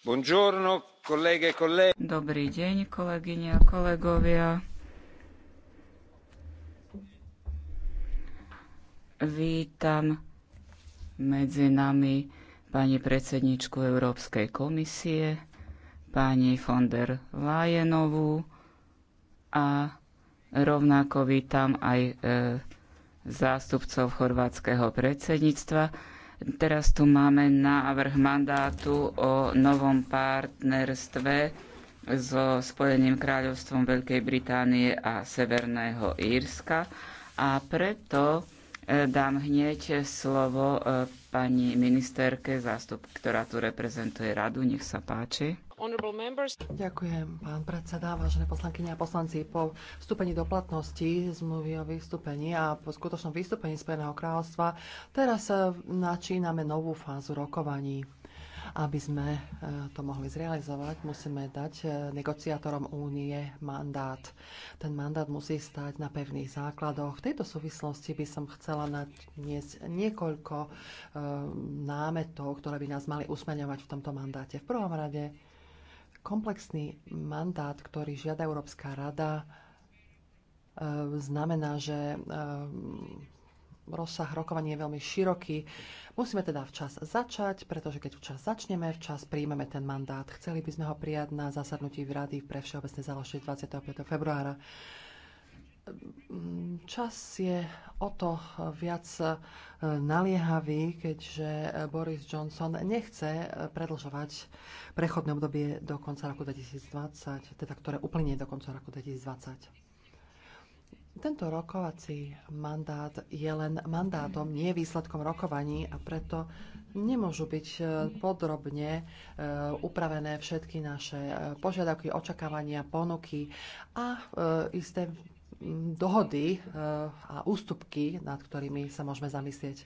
E Dobrý deň, kolegyne a kolegovia. Vítam medzi nami pani predsedničku Európskej komisie, pani von der Leyenovú a rovnako vítam aj e, zástupcov chorvátskeho predsedníctva Teraz tu máme návrh mandátu o novom partnerstve so Spojeným kráľovstvom Veľkej Británie a Severného Írska a preto e, dám hneď slovo e, pani ministerke, zástup, ktorá tu reprezentuje radu. Nech sa páči. Ďakujem, pán predseda, vážené poslankyne a poslanci. Po vstúpení do platnosti zmluvy o vystúpení a po skutočnom vystúpení Spojeného kráľovstva teraz eh, načíname novú fázu rokovaní. Aby sme eh, to mohli zrealizovať, musíme dať eh, negociátorom únie mandát. Ten mandát musí stať na pevných základoch. V tejto súvislosti by som chcela nadniesť niekoľko námetov, ktoré by nás mali usmeňovať v tomto mandáte. V prvom rade Komplexný mandát, ktorý žiada Európska rada, e, znamená, že e, rozsah rokovania je veľmi široký. Musíme teda včas začať, pretože keď včas začneme, včas príjmeme ten mandát. Chceli by sme ho prijať na zasadnutí v Rady pre všeobecné záležitosti 25. februára. Čas je o to viac e, naliehavý, keďže e, Boris Johnson nechce e, predlžovať prechodné obdobie do konca roku 2020, teda ktoré uplynie do konca roku 2020. Tento rokovací mandát je len mandátom, nie výsledkom rokovaní a preto nemôžu byť podrobne upravené všetky naše požiadavky, očakávania, ponuky a isté dohody eh, a ústupky, nad ktorými sa môžeme zamyslieť.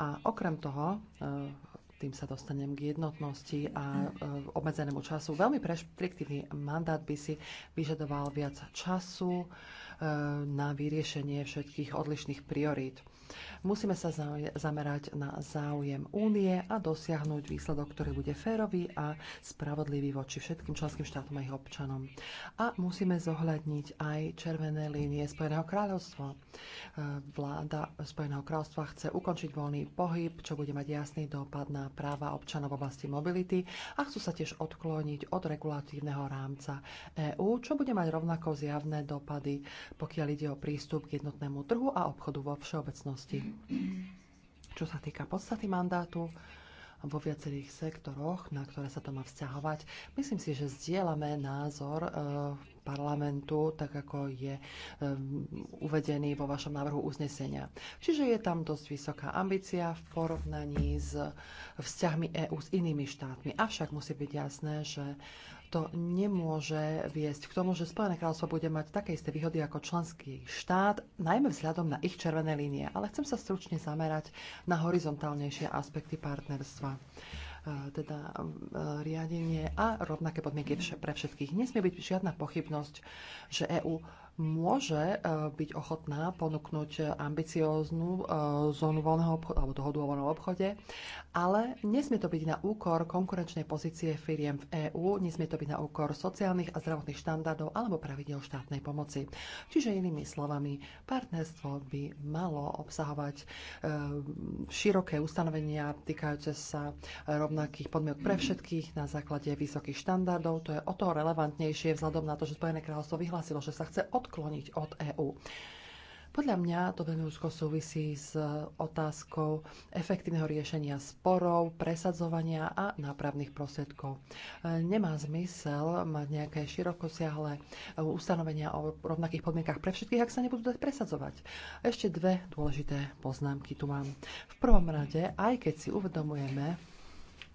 A okrem toho, eh, tým sa dostanem k jednotnosti a eh, obmedzenému času. Veľmi preštriktívny mandát by si vyžadoval viac času na vyriešenie všetkých odlišných priorít. Musíme sa zamerať na záujem únie a dosiahnuť výsledok, ktorý bude férový a spravodlivý voči všetkým členským štátom a ich občanom. A musíme zohľadniť aj červené línie Spojeného kráľovstva. E, vláda Spojeného kráľovstva chce ukončiť voľný pohyb, čo bude mať jasný dopad na práva občanov v oblasti mobility a chcú sa tiež odkloniť od regulatívneho rámca EÚ, čo bude mať rovnako zjavné dopady, pokiaľ ide o prístup k jednotnému trhu a obchodu vo všeobecnosti budúcnosti. Čo sa týka podstaty mandátu, vo viacerých sektoroch, na ktoré sa to má vzťahovať. Myslím si, že zdieľame názor e, parlamentu, tak ako je e, uvedený vo vašom návrhu uznesenia. Čiže je tam dosť vysoká ambícia v porovnaní s vzťahmi EÚ s inými štátmi. Avšak musí byť jasné, že to nemôže viesť k tomu, že Spojené kráľovstvo bude mať také isté výhody ako členský štát, najmä vzhľadom na ich červené línie. Ale chcem sa stručne zamerať na horizontálnejšie aspekty partnerstva e, teda e, riadenie a rovnaké podmienky pre všetkých. Nesmie byť žiadna pochybnosť, že EÚ môže e, byť ochotná ponúknuť ambicióznu e, zónu voľného obchodu, alebo dohodu o voľnom obchode, ale nesmie to byť na úkor konkurenčnej pozície firiem v EÚ, nesmie to byť na úkor sociálnych a zdravotných štandardov alebo pravidel štátnej pomoci. Čiže inými slovami, partnerstvo by malo obsahovať e, široké ustanovenia týkajúce sa rovnakých podmienok pre všetkých na základe vysokých štandardov. To je o to relevantnejšie vzhľadom na to, že Spojené kráľovstvo vyhlásilo, že sa chce od odkloniť od EÚ. Podľa mňa to veľmi úzko súvisí s otázkou efektívneho riešenia sporov, presadzovania a nápravných prostriedkov. Nemá zmysel mať nejaké širokosiahle ustanovenia o rovnakých podmienkach pre všetkých, ak sa nebudú dať presadzovať. Ešte dve dôležité poznámky tu mám. V prvom rade, aj keď si uvedomujeme, e,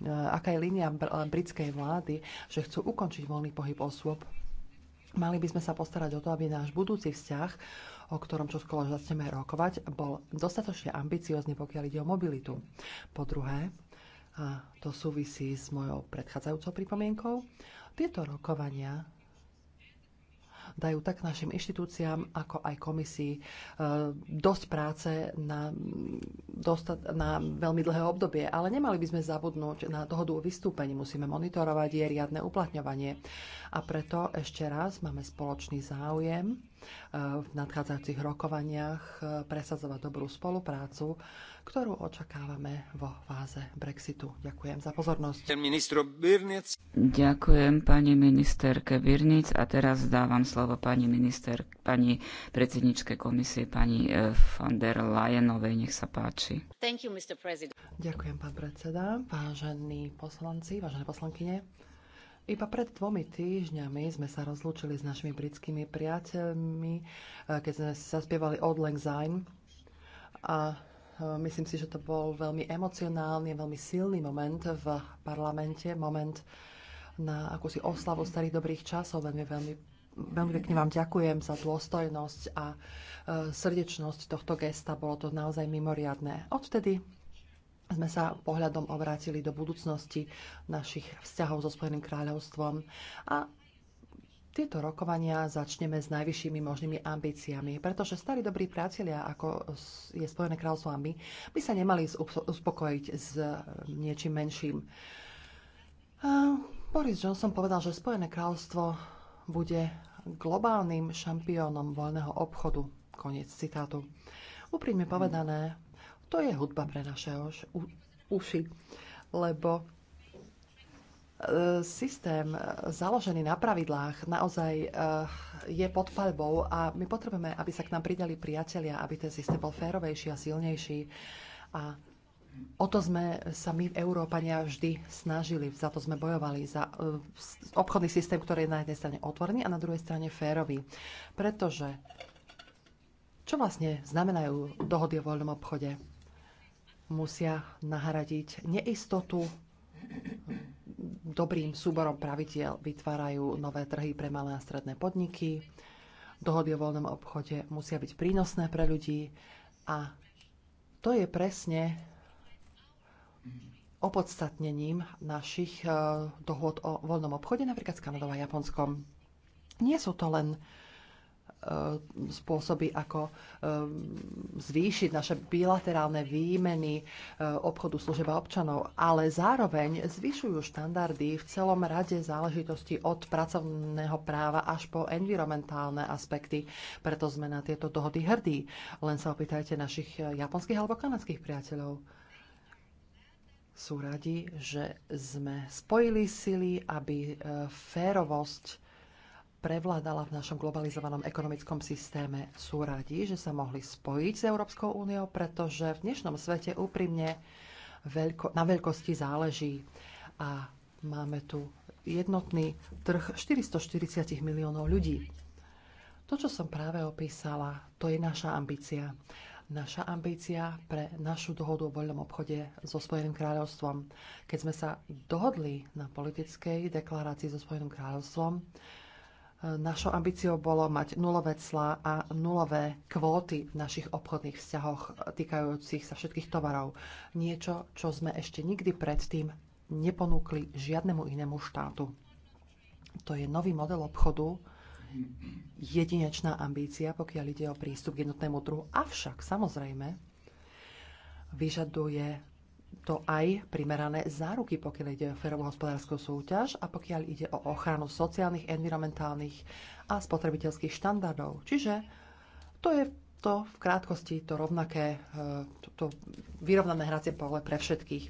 aká je línia britskej vlády, že chcú ukončiť voľný pohyb osôb Mali by sme sa postarať o to, aby náš budúci vzťah, o ktorom čo skolo začneme rokovať, bol dostatočne ambiciózny, pokiaľ ide o mobilitu. Po druhé, a to súvisí s mojou predchádzajúcou pripomienkou, tieto rokovania dajú tak našim inštitúciám, ako aj komisii e, dosť práce na, dostat, na veľmi dlhé obdobie. Ale nemali by sme zabudnúť na dohodu o vystúpení. Musíme monitorovať jej riadne uplatňovanie. A preto ešte raz máme spoločný záujem e, v nadchádzajúcich rokovaniach e, presadzovať dobrú spoluprácu ktorú očakávame vo fáze Brexitu. Ďakujem za pozornosť. Ďakujem pani ministerke Birnic a teraz dávam slovo pani minister, pani predsedničke komisie, pani eh, von der Leyenovej. Nech sa páči. You, Ďakujem, pán predseda, vážení poslanci, vážené poslankyne. Iba pred dvomi týždňami sme sa rozlúčili s našimi britskými priateľmi, eh, keď sme sa spievali Old Lang Syne. A Eh, myslím si, že to bol veľmi emocionálny, veľmi silný moment v parlamente, moment na akúsi oslavu starých dobrých časov. Veľmi, veľmi, veľmi pekne vám ďakujem za dôstojnosť a eh, srdečnosť tohto gesta. Bolo to naozaj mimoriadné. Odvtedy sme sa pohľadom obrátili do budúcnosti našich vzťahov so Spojeným kráľovstvom a tieto rokovania začneme s najvyššími možnými ambíciami, pretože starí dobrí priatelia, ako je Spojené kráľovstvo my, by sa nemali uspokojiť s eh, niečím menším. Boris Johnson povedal, že Spojené kráľovstvo bude globálnym šampiónom voľného obchodu. Koniec citátu. Úprimne povedané, to je hudba pre naše uši, lebo E, systém e, založený na pravidlách naozaj e, je pod palbou a my potrebujeme, aby sa k nám pridali priatelia, aby ten systém bol férovejší a silnejší. A o to sme sa my, v Európania, vždy snažili, za to sme bojovali, za obchodný systém, ktorý je na jednej strane otvorený a na druhej strane férový. Pretože čo vlastne znamenajú dohody o voľnom obchode? Musia nahradiť neistotu, dobrým súborom pravidiel vytvárajú nové trhy pre malé a stredné podniky. Dohody o voľnom obchode musia byť prínosné pre ľudí a to je presne opodstatnením našich eh, dohod o voľnom obchode, napríklad s Kanadou a Japonskom. Nie sú to len E, spôsoby, ako e, zvýšiť naše bilaterálne výmeny e, obchodu služeba občanov, ale zároveň zvyšujú štandardy v celom rade záležitosti od pracovného práva až po environmentálne aspekty. Preto sme na tieto dohody hrdí. Len sa opýtajte našich japonských alebo kanadských priateľov sú radi, že sme spojili sily, aby férovosť prevládala v našom globalizovanom ekonomickom systéme. Sú radi, že sa mohli spojiť s Európskou úniou, pretože v dnešnom svete úprimne veľko, na veľkosti záleží. A máme tu jednotný trh 440 miliónov ľudí. To, čo som práve opísala, to je naša ambícia. Naša ambícia pre našu dohodu o voľnom obchode so Spojeným kráľovstvom. Keď sme sa dohodli na politickej deklarácii so Spojeným kráľovstvom, Našou ambíciou bolo mať nulové clá a nulové kvóty v našich obchodných vzťahoch týkajúcich sa všetkých tovarov. Niečo, čo sme ešte nikdy predtým neponúkli žiadnemu inému štátu. To je nový model obchodu, jedinečná ambícia, pokiaľ ide o prístup k jednotnému trhu. Avšak, samozrejme, vyžaduje to aj primerané záruky, pokiaľ ide o férovú hospodárskú súťaž a pokiaľ ide o ochranu sociálnych, environmentálnych a spotrebiteľských štandardov. Čiže to je to v krátkosti to rovnaké, e, to, to vyrovnané hracie pole pre všetkých.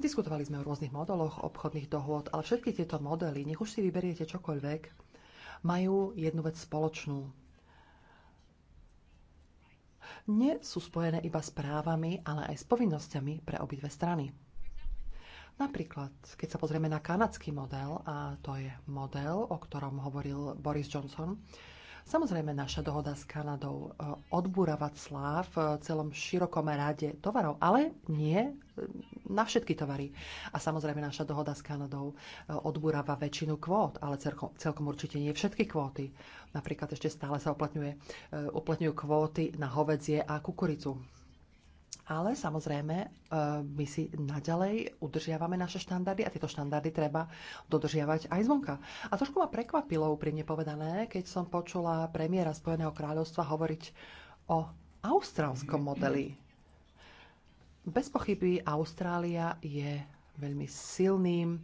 Diskutovali sme o rôznych modeloch obchodných dohôd, ale všetky tieto modely, nech už si vyberiete čokoľvek, majú jednu vec spoločnú nie sú spojené iba s právami, ale aj s povinnosťami pre obidve strany. Napríklad, keď sa pozrieme na kanadský model, a to je model, o ktorom hovoril Boris Johnson, Samozrejme, naša dohoda s Kanadou e, odbúrava clá e, v celom širokom rade tovarov, ale nie e, na všetky tovary. A samozrejme, naša dohoda s Kanadou odbúrava väčšinu kvót, ale celkom určite nie všetky kvóty. Napríklad ešte stále sa uplatňuje, uplatňujú kvóty na hovedzie a kukuricu ale samozrejme e, my si naďalej udržiavame naše štandardy a tieto štandardy treba dodržiavať aj zvonka. A trošku ma prekvapilo úprimne povedané, keď som počula premiéra Spojeného kráľovstva hovoriť o austrálskom modeli. Bez pochyby Austrália je veľmi silným,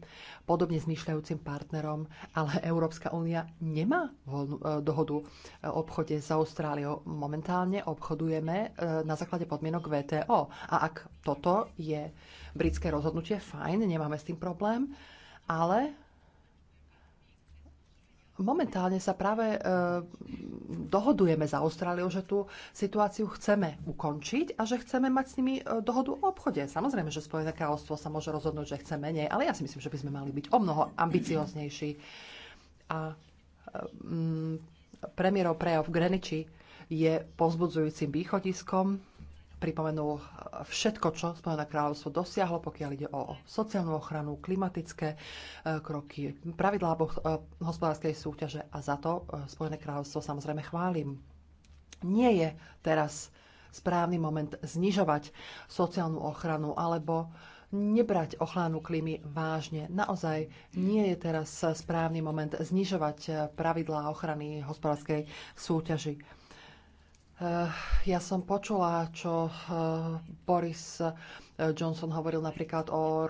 podobne zmýšľajúcim partnerom, ale Európska únia nemá voľnú, e, dohodu e, o obchode s Austráliou. Momentálne obchodujeme e, na základe podmienok VTO. A ak toto je britské rozhodnutie, fajn, nemáme s tým problém, ale Momentálne sa práve e, dohodujeme za Austráliou, že tú situáciu chceme ukončiť a že chceme mať s nimi e, dohodu o obchode. Samozrejme, že Spojené kráľovstvo sa môže rozhodnúť, že chce menej, ale ja si myslím, že by sme mali byť o mnoho ambicioznejší. A e, premiérov prejav v Greniči je pozbudzujúcim východiskom pripomenul všetko, čo Spojené kráľovstvo dosiahlo, pokiaľ ide o sociálnu ochranu, klimatické e, kroky, pravidlá e, hospodárskej súťaže a za to e, Spojené kráľovstvo samozrejme chválim. Nie je teraz správny moment znižovať sociálnu ochranu alebo nebrať ochranu klímy vážne. Naozaj nie je teraz správny moment znižovať pravidlá ochrany hospodárskej súťaži Eh, ja som počula, čo eh, Boris eh, Johnson hovoril napríklad o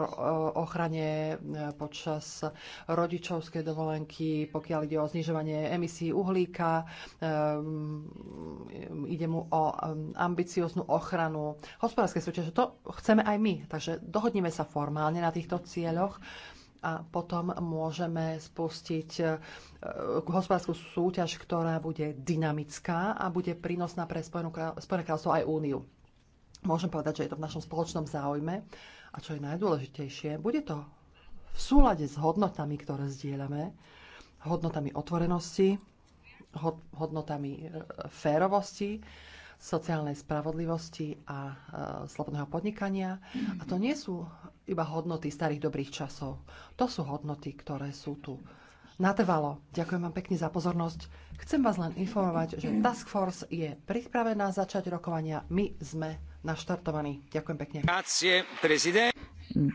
ochrane počas rodičovskej dovolenky, pokiaľ ide o znižovanie emisí uhlíka, ehm, ide mu o ehm, ambicióznu ochranu hospodárskej súťaže. To chceme aj my, takže dohodneme sa formálne na týchto cieľoch a potom môžeme spustiť e, hospodárskú súťaž, ktorá bude dynamická a bude prínosná pre Spojené kráľovstvo aj Úniu. Môžem povedať, že je to v našom spoločnom záujme a čo je najdôležitejšie, bude to v súlade s hodnotami, ktoré zdieľame, hodnotami otvorenosti, hodnotami e, férovosti sociálnej spravodlivosti a e, slobodného podnikania. A to nie sú iba hodnoty starých dobrých časov. To sú hodnoty, ktoré sú tu natrvalo. Ďakujem vám pekne za pozornosť. Chcem vás len informovať, že Task Force je pripravená začať rokovania. My sme naštartovaní. Ďakujem pekne.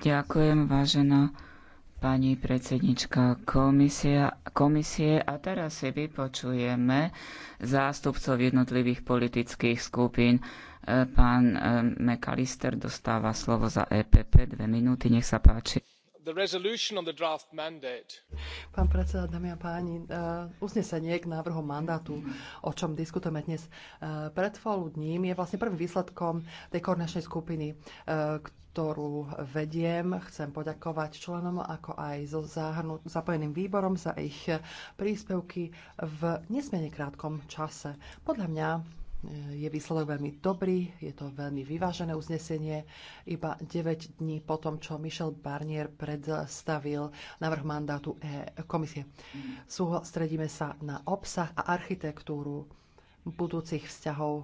Ďakujem, vážená pani predsednička komisia, komisie a teraz si vypočujeme zástupcov jednotlivých politických skupín. E, pán e, McAllister dostáva slovo za EPP. Dve minúty, nech sa páči. Pán predseda, dámy a páni, e, uznesenie k návrhu mandátu, o čom diskutujeme dnes e, pred dním, je vlastne prvým výsledkom tej koordinačnej skupiny, e, ktorú vediem. Chcem poďakovať členom, ako aj so zahrnu- zapojeným výborom za ich príspevky v nesmierne krátkom čase. Podľa mňa je výsledok veľmi dobrý, je to veľmi vyvážené uznesenie. Iba 9 dní po tom, čo Michel Barnier predstavil návrh mandátu e komisie. Sústredíme sa na obsah a architektúru budúcich vzťahov e,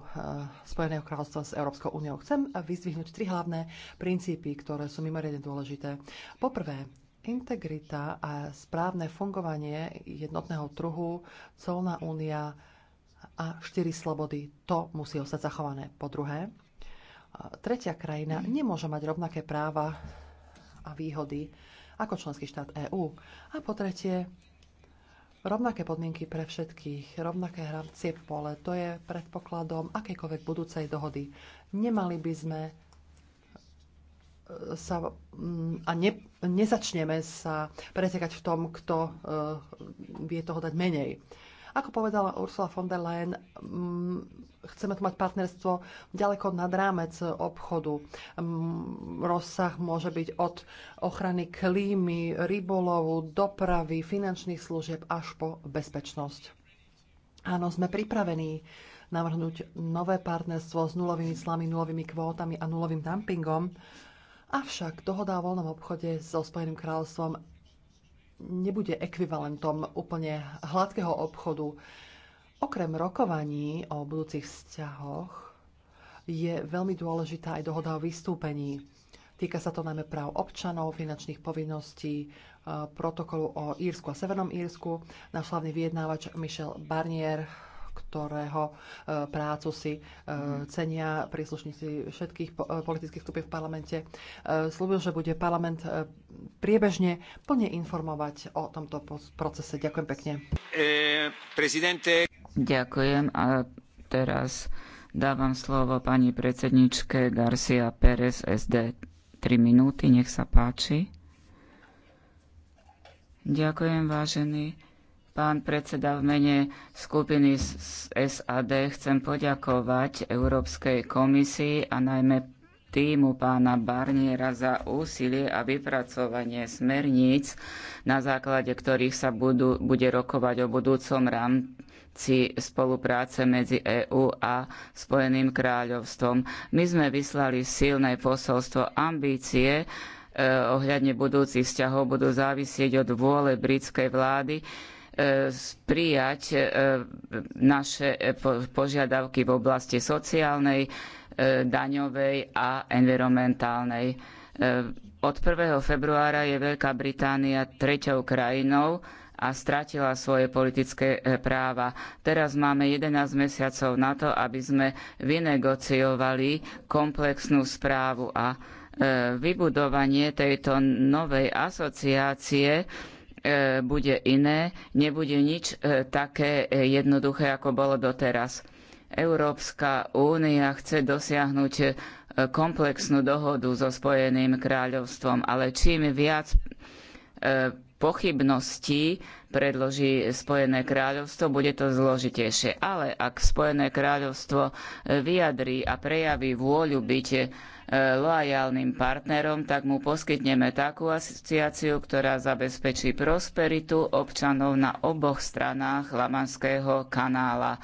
Spojeného kráľovstva s Európskou úniou. Chcem vyzvihnúť tri hlavné princípy, ktoré sú mimoriadne dôležité. Poprvé, integrita a správne fungovanie jednotného trhu, colná únia, a štyri slobody. To musí ostať zachované. Po druhé, tretia krajina nemôže mať rovnaké práva a výhody ako členský štát EÚ. A po tretie, rovnaké podmienky pre všetkých, rovnaké hrancie pole, to je predpokladom akékoľvek budúcej dohody. Nemali by sme e, sa mm, a ne, nezačneme sa pretekať v tom, kto e, vie toho dať menej. Ako povedala Ursula von der Leyen, mm, chceme tu mať partnerstvo ďaleko nad rámec obchodu. Mm, rozsah môže byť od ochrany klímy, rybolovu, dopravy, finančných služieb až po bezpečnosť. Áno, sme pripravení navrhnúť nové partnerstvo s nulovými slami, nulovými kvótami a nulovým dumpingom. Avšak dohoda o voľnom obchode so Spojeným kráľovstvom nebude ekvivalentom úplne hladkého obchodu. Okrem rokovaní o budúcich vzťahoch je veľmi dôležitá aj dohoda o vystúpení. Týka sa to najmä práv občanov, finančných povinností, e, protokolu o Írsku a Severnom Írsku. Náš hlavný vyjednávač Michel Barnier ktorého e, prácu si e, cenia príslušníci všetkých e, politických skupín v parlamente. Slúbil, že bude parlament priebežne plne informovať o tomto procese. Ďakujem pekne. Prezidente. Ďakujem a teraz dávam slovo pani predsedničke Garcia Pérez SD. 3 minúty, nech sa páči. Ďakujem, vážený Pán predseda, v mene skupiny SAD chcem poďakovať Európskej komisii a najmä týmu pána Barniera za úsilie a vypracovanie smerníc, na základe ktorých sa budú, bude rokovať o budúcom rámci spolupráce medzi EÚ a Spojeným kráľovstvom. My sme vyslali silné posolstvo ambície, eh, ohľadne budúcich vzťahov budú závisieť od vôle britskej vlády, prijať e, naše e, požiadavky v oblasti sociálnej, e, daňovej a environmentálnej. Od 1. februára je Veľká Británia treťou krajinou a stratila svoje politické práva. Teraz máme 11 mesiacov na to, aby sme vynegociovali komplexnú správu a vybudovanie tejto novej asociácie E, bude iné, nebude nič e, také e, jednoduché, ako bolo doteraz. Európska únia chce dosiahnuť komplexnú dohodu so Spojeným kráľovstvom, ale čím viac pochybností predloží Spojené kráľovstvo, bude to zložitejšie. Ale ak Spojené kráľovstvo vyjadrí a prejaví vôľu byť Eh, loajálnym partnerom, tak mu poskytneme takú asociáciu, ktorá zabezpečí prosperitu občanov na oboch stranách Lamanského kanála.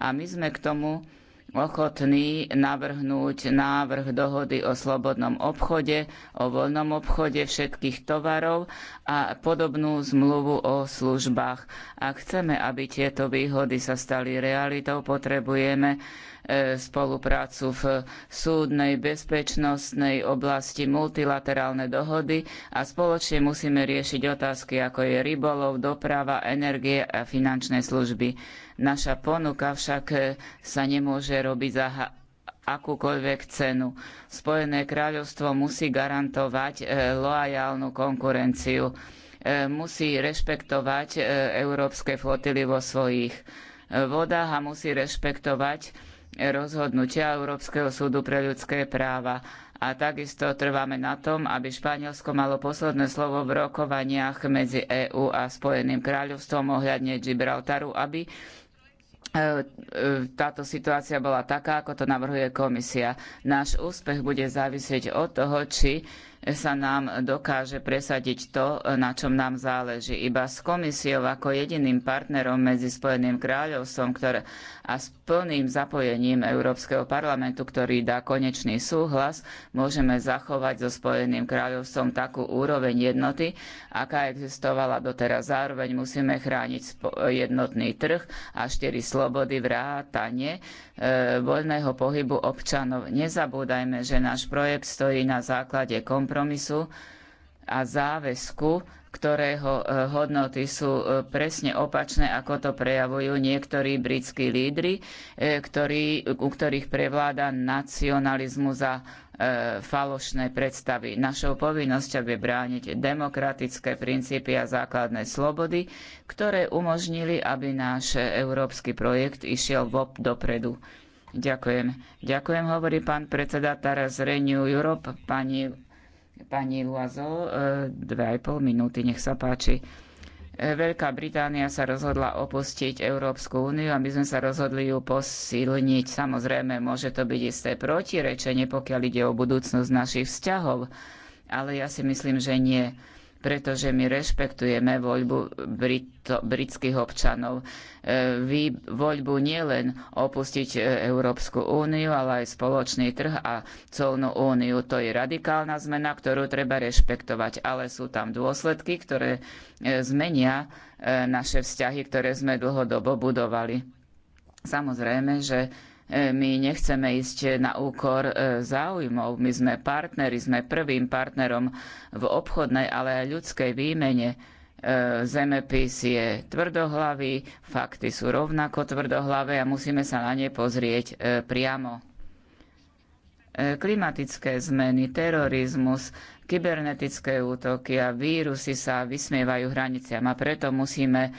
A my sme k tomu ochotní navrhnúť návrh dohody o slobodnom obchode, o voľnom obchode všetkých tovarov a podobnú zmluvu o službách. Ak chceme, aby tieto výhody sa stali realitou, potrebujeme e, spoluprácu v súdnej, bezpečnostnej oblasti, multilaterálne dohody a spoločne musíme riešiť otázky, ako je rybolov, doprava, energie a finančné služby. Naša ponuka však e, sa nemôže robiť za akúkoľvek cenu. Spojené kráľovstvo musí garantovať e, loajálnu konkurenciu, e, musí rešpektovať európske flotily vo svojich vodách a musí rešpektovať rozhodnutia Európskeho súdu pre ľudské práva. A takisto trváme na tom, aby Španielsko malo posledné slovo v rokovaniach medzi EÚ a Spojeným kráľovstvom ohľadne Gibraltaru, aby E, e, táto situácia bola taká, ako to navrhuje komisia. Náš úspech bude závisieť od toho, či sa nám dokáže presadiť to, na čom nám záleží. Iba s komisiou ako jediným partnerom medzi Spojeným kráľovstvom ktoré, a s plným zapojením Európskeho parlamentu, ktorý dá konečný súhlas, môžeme zachovať so Spojeným kráľovstvom takú úroveň jednoty, aká existovala doteraz. Zároveň musíme chrániť jednotný trh a štyri slobody vrátane e, voľného pohybu občanov. Nezabúdajme, že náš projekt stojí na základe kompetencie kompromisu a záväzku, ktorého e, hodnoty sú e, presne opačné, ako to prejavujú niektorí britskí lídry, e, ktorí, u ktorých prevláda nacionalizmus a falošné predstavy. Našou povinnosťou je brániť demokratické princípy a základné slobody, ktoré umožnili, aby náš európsky projekt išiel vop dopredu. Ďakujem. Ďakujem, hovorí pán predseda Taras Renew Europe, pani Pani Luazo, e, dve aj pol minúty, nech sa páči. E, Veľká Británia sa rozhodla opustiť Európsku úniu a my sme sa rozhodli ju posilniť. Samozrejme, môže to byť isté protirečenie, pokiaľ ide o budúcnosť našich vzťahov, ale ja si myslím, že nie pretože my rešpektujeme voľbu Brito, britských občanov. E, Vy voľbu nielen opustiť e, Európsku úniu, ale aj spoločný trh a colnú úniu. To je radikálna zmena, ktorú treba rešpektovať, ale sú tam dôsledky, ktoré e, zmenia naše vzťahy, ktoré sme dlhodobo budovali. Samozrejme, že my nechceme ísť na úkor e, záujmov. My sme partneri, sme prvým partnerom v obchodnej, ale aj ľudskej výmene. E, zemepis je tvrdohlavý, fakty sú rovnako tvrdohlavé a musíme sa na ne pozrieť e, priamo. Klimatické zmeny, terorizmus, kybernetické útoky a vírusy sa vysmievajú hraniciam a preto musíme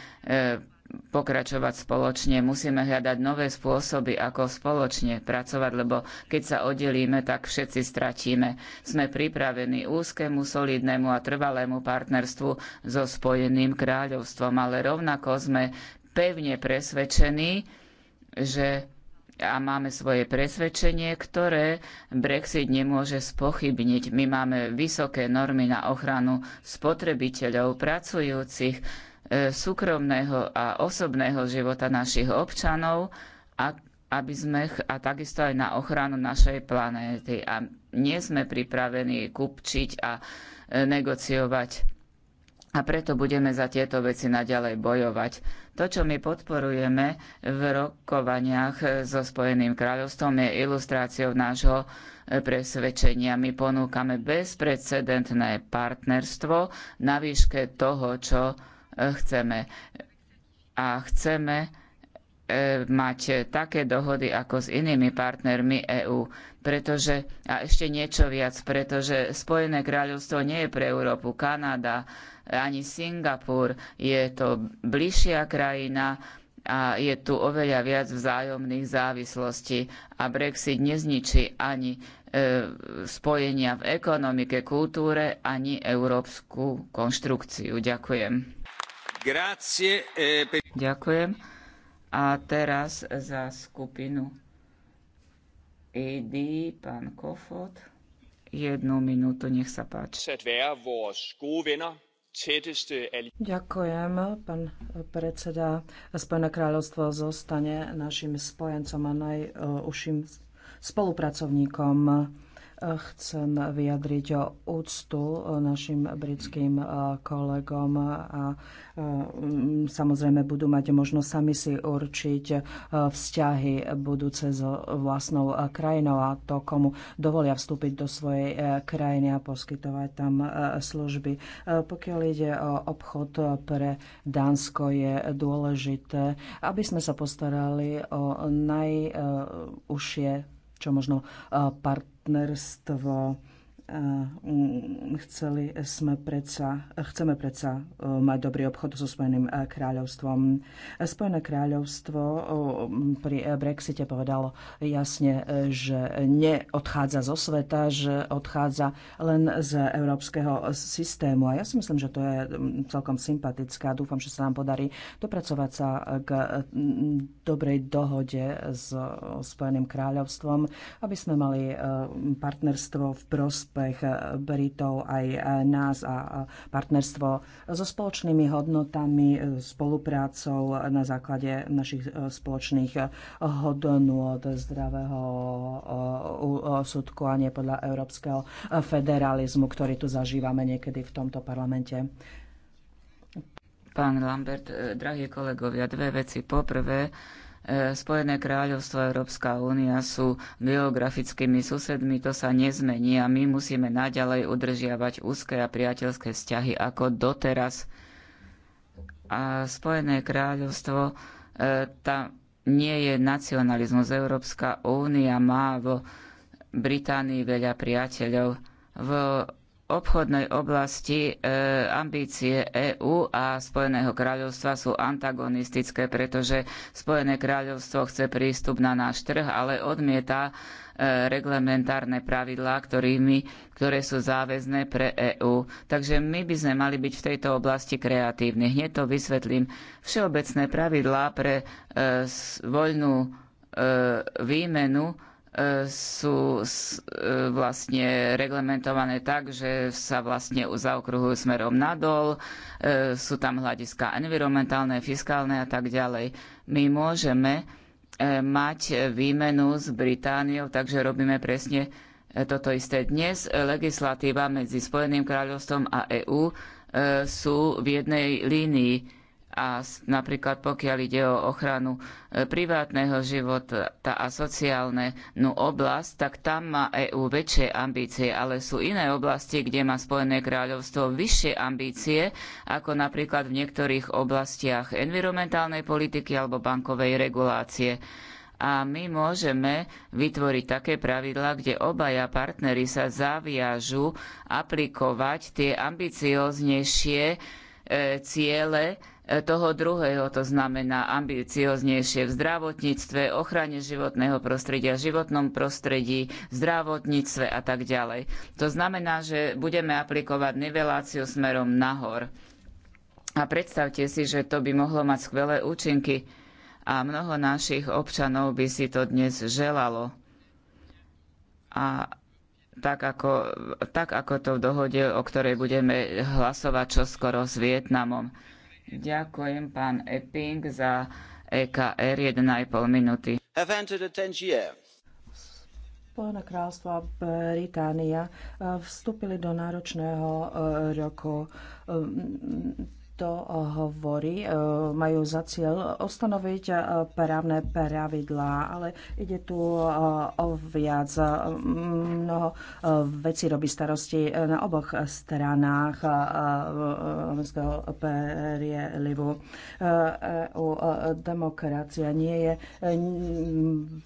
pokračovať spoločne. Musíme hľadať nové spôsoby, ako spoločne pracovať, lebo keď sa oddelíme, tak všetci stratíme. Sme pripravení úzkému, solidnému a trvalému partnerstvu so Spojeným kráľovstvom, ale rovnako sme pevne presvedčení, že a máme svoje presvedčenie, ktoré Brexit nemôže spochybniť. My máme vysoké normy na ochranu spotrebiteľov, pracujúcich, E, súkromného a osobného života našich občanov a, aby sme, a takisto aj na ochranu našej planéty. A nie sme pripravení kupčiť a e, negociovať. A preto budeme za tieto veci naďalej bojovať. To, čo my podporujeme v rokovaniach e, so Spojeným kráľovstvom, je ilustráciou nášho presvedčenia. My ponúkame bezprecedentné partnerstvo na výške toho, čo chceme. A chceme e, mať také dohody ako s inými partnermi EÚ. Pretože, a ešte niečo viac, pretože Spojené kráľovstvo nie je pre Európu Kanada ani Singapur. Je to bližšia krajina, a je tu oveľa viac vzájomných závislostí a Brexit nezničí ani e, spojenia v ekonomike, kultúre, ani európsku konštrukciu. Ďakujem. Eh, Ďakujem. A teraz za skupinu ID, pán Kofod. Jednu minútu, nech sa páči. Ďakujem, pán predseda. Spojené kráľovstvo zostane našim spojencom a najúžším spolupracovníkom. Chcem vyjadriť o úctu našim britským e, kolegom a e, samozrejme budú mať možnosť sami si určiť e, vzťahy budúce s vlastnou krajinou a to, komu dovolia vstúpiť do svojej krajiny a poskytovať tam služby. Pokiaľ ide o obchod pre Dánsko, je dôležité, aby sme sa postarali o najúžšie čo možno part partnerstvo Eh, um, chceli sme predsa, chceme predsa eh, mať dobrý obchod so Spojeným eh, kráľovstvom. Spojené kráľovstvo pri Brexite povedalo jasne, že neodchádza zo sveta, že odchádza len z európskeho systému. A ja si myslím, že to je mm, celkom sympatické a dúfam, že sa nám podarí dopracovať sa k mm, dobrej dohode s Spojeným kráľovstvom, aby sme mali partnerstvo v prospech prospech eh, Britov aj eh, nás a partnerstvo so spoločnými hodnotami, eh, spoluprácou na základe našich spoločných hodnôt zdravého súdku a nie podľa európskeho federalizmu, ktorý tu zažívame niekedy v tomto parlamente. Pán Lambert, drahí kolegovia, dve veci. Poprvé, E, Spojené kráľovstvo a Európska únia sú geografickými susedmi, to sa nezmení a my musíme naďalej udržiavať úzke a priateľské vzťahy ako doteraz. A Spojené kráľovstvo e, tam nie je nacionalizmus. Európska únia má vo Británii veľa priateľov. V obchodnej oblasti e, ambície EÚ a Spojeného kráľovstva sú antagonistické, pretože Spojené kráľovstvo chce prístup na náš trh, ale odmieta e, reglementárne pravidlá, ktorými, ktoré sú záväzné pre EÚ. Takže my by sme mali byť v tejto oblasti kreatívni. Hneď to vysvetlím. Všeobecné pravidlá pre e, voľnú e, výmenu sú e, vlastne reglementované tak, že sa vlastne zaokruhujú smerom nadol, e, sú tam hľadiska environmentálne, fiskálne a tak ďalej. My môžeme e, mať výmenu s Britániou, takže robíme presne toto isté. Dnes legislatíva medzi Spojeným kráľovstvom a EÚ sú v jednej línii a napríklad pokiaľ ide o ochranu e, privátneho života a sociálnu oblasť, tak tam má EÚ väčšie ambície, ale sú iné oblasti, kde má Spojené kráľovstvo vyššie ambície, ako napríklad v niektorých oblastiach environmentálnej politiky alebo bankovej regulácie. A my môžeme vytvoriť také pravidlá, kde obaja partnery sa zaviažu aplikovať tie ambicioznejšie e, ciele, E, toho druhého, to znamená ambicioznejšie v zdravotníctve, ochrane životného prostredia, životnom prostredí, zdravotníctve a tak ďalej. To znamená, že budeme aplikovať niveláciu smerom nahor. A predstavte si, že to by mohlo mať skvelé účinky a mnoho našich občanov by si to dnes želalo. A tak ako, tak ako to v dohode, o ktorej budeme hlasovať čoskoro s Vietnamom. Ďakujem, pán Epping, za EKR 1,5 minúty. Spojené kráľstva Británia eh, vstúpili do náročného eh, roku ehm, to hovorí, e, majú za cieľ ustanoviť e, právne pravidlá, ale ide tu e, o viac. Mnoho vecí robí starosti na oboch stranách mestského prielivu. EU demokracia nie je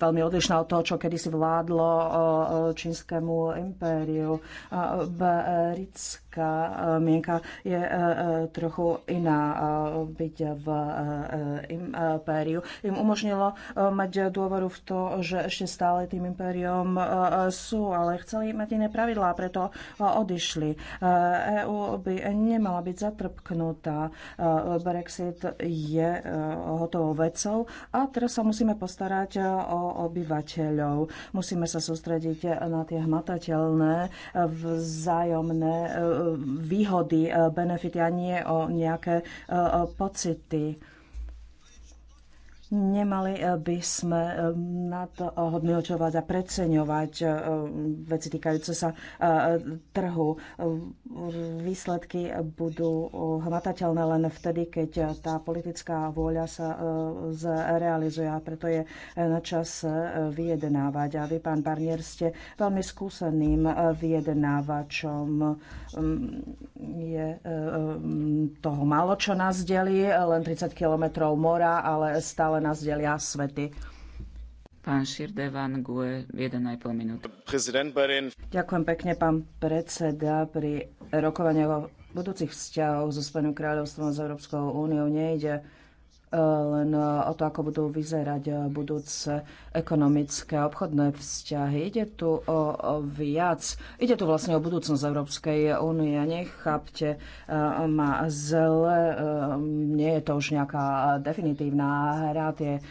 veľmi odlišná od toho, čo kedysi vládlo čínskemu impériu. Britská mienka je trochu iná eh, byť v eh, eh, impériu, im umožnilo mať dôveru v to, že ešte stále tým impériom sú, ale chceli mať iné pravidlá, preto odišli. EÚ e by nemala byť zatrpknutá. Brexit je hotovou vecou a teraz sa musíme postarať o obyvateľov. Musíme sa sústrediť na tie hmatateľné vzájomné výhody, benefity a nie o ne nejaké eh, eh, pocity. Nemali eh, by sme eh, nadhodnočovať a preceňovať eh, veci týkajúce sa trhu. Výsledky budú hmatateľné len vtedy, keď tá politická vôľa sa zrealizuje a preto je na čas vyjednávať. A vy, pán Barnier, ste veľmi skúseným vyjednávačom. Mm, je mm, toho málo, čo nás delí, len 30 kilometrov mora, ale stále ktoré nás delia svety. Pán Širdevan Gue, 1,5 minúty. Ďakujem pekne, pán predseda. Pri rokovaní o budúcich vzťahov so Spojeným kráľovstvom a s Európskou úniou nejde E, len o to, ako budú vyzerať e, budúce ekonomické a obchodné vzťahy. Ide tu o, viac. Ide tu vlastne o budúcnosť Európskej únie. Nechápte e, ma zle. Nie je to už nejaká definitívna hra. Tie,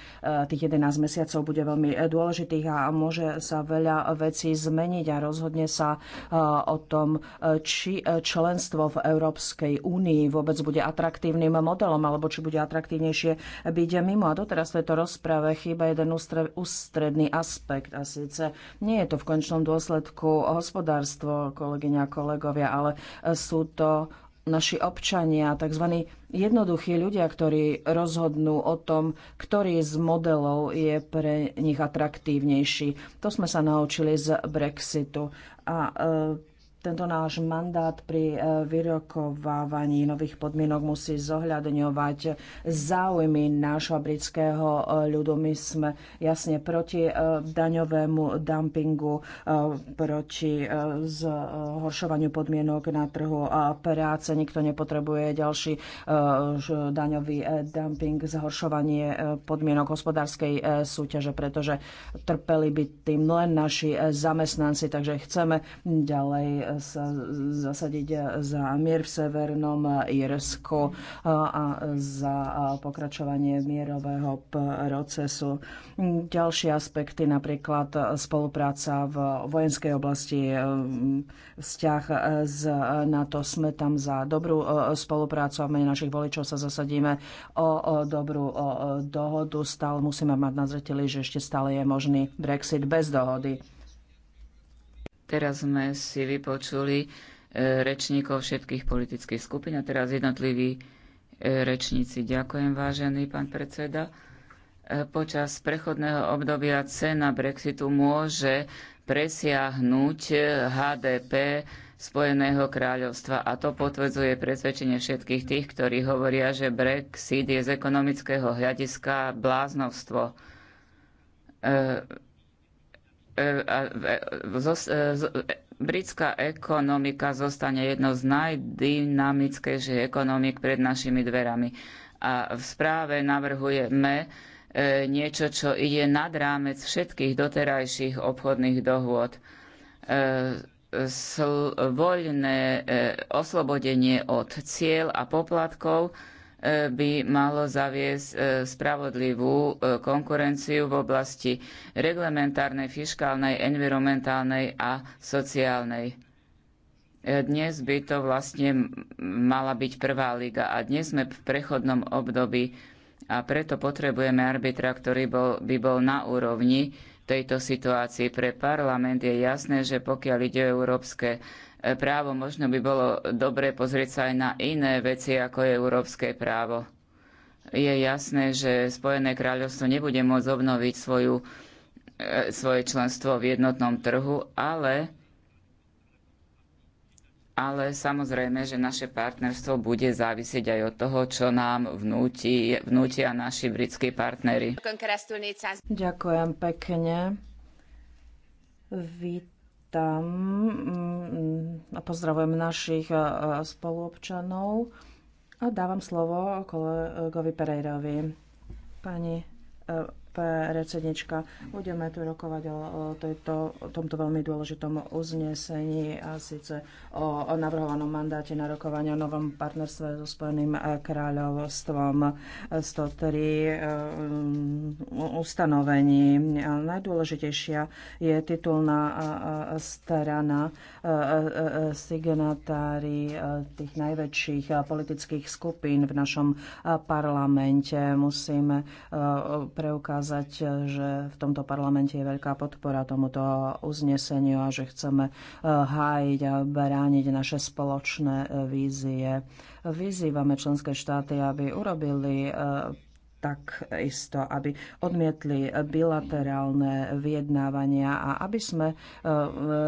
tých 11 mesiacov bude veľmi dôležitých a môže sa veľa vecí zmeniť a rozhodne sa o tom, či členstvo v Európskej únii vôbec bude atraktívnym modelom alebo či bude atraktívnejší lepšie byť mimo. A doteraz v tejto rozprave chýba jeden ústredný aspekt. A síce nie je to v končnom dôsledku hospodárstvo, kolegyňa a kolegovia, ale sú to naši občania, tzv. jednoduchí ľudia, ktorí rozhodnú o tom, ktorý z modelov je pre nich atraktívnejší. To sme sa naučili z Brexitu. A e, tento náš mandát pri e, vyrokovávaní nových podmienok musí zohľadňovať záujmy nášho britského e, ľudu. My sme jasne proti e, daňovému dumpingu, proti zhoršovaniu podmienok na trhu a práce. Nikto nepotrebuje ďalší daňový dumping, zhoršovanie podmienok hospodárskej súťaže, pretože trpeli by tým len naši zamestnanci, takže chceme ďalej sa zasadiť za mier v Severnom Irsku a za pokračovanie mierového procesu. Ďalšie aspekty, napríklad spolupráca v vojenskej oblasti, vzťah z NATO, sme tam za dobrú e, spoluprácu a v mene našich voličov sa zasadíme o dobrú dohodu. Stále musíme mať na zreteli, že ešte stále je možný Brexit bez dohody. Teraz sme si vypočuli e, rečníkov všetkých politických skupín a teraz jednotliví e, rečníci. Ďakujem, vážený pán predseda. E, počas prechodného obdobia cena Brexitu môže presiahnuť HDP Spojeného kráľovstva. A to potvrdzuje presvedčenie všetkých tých, ktorí hovoria, že Brexit je z ekonomického hľadiska bláznovstvo. E, e, e, britská ekonomika zostane jednou z najdynamickejších ekonomik pred našimi dverami. A v správe navrhujeme niečo, čo ide nad rámec všetkých doterajších obchodných dohôd. Voľné oslobodenie od cieľ a poplatkov by malo zaviesť e, spravodlivú e, konkurenciu v oblasti reglementárnej, fiškálnej, environmentálnej a sociálnej. E, dnes by to vlastne mala byť prvá liga a dnes sme v prechodnom období a preto potrebujeme arbitra, ktorý bol, by bol na úrovni tejto situácii. Pre parlament je jasné, že pokiaľ ide o európske E, právo. Možno by bolo dobre pozrieť sa aj na iné veci, ako je európske právo. Je jasné, že Spojené kráľovstvo nebude môcť obnoviť svoju, e, svoje členstvo v jednotnom trhu, ale, ale samozrejme, že naše partnerstvo bude závisieť aj od toho, čo nám vnúti, vnútia naši britskí partnery. Ďakujem pekne. Vít vítam mm, a pozdravujem našich e, spoluobčanov a dávam slovo kolegovi Pereirovi. Pani e, predsednička. Budeme tu rokovať o tejto, o tomto veľmi dôležitom uznesení a síce o, o navrhovanom mandáte na rokovanie o novom partnerstve so Spojeným e, kráľovstvom 103 e, e, ustanovení. Najdôležitejšia je titulná strana signatári tých najväčších politických skupín v našom parlamente. Musíme preukázať ukázať, že v tomto parlamente je veľká podpora tomuto uzneseniu a že chceme eh, hájiť a brániť naše spoločné eh, vízie. Vyzývame členské štáty, aby urobili eh, takisto, aby odmietli bilaterálne vyjednávania a aby sme e,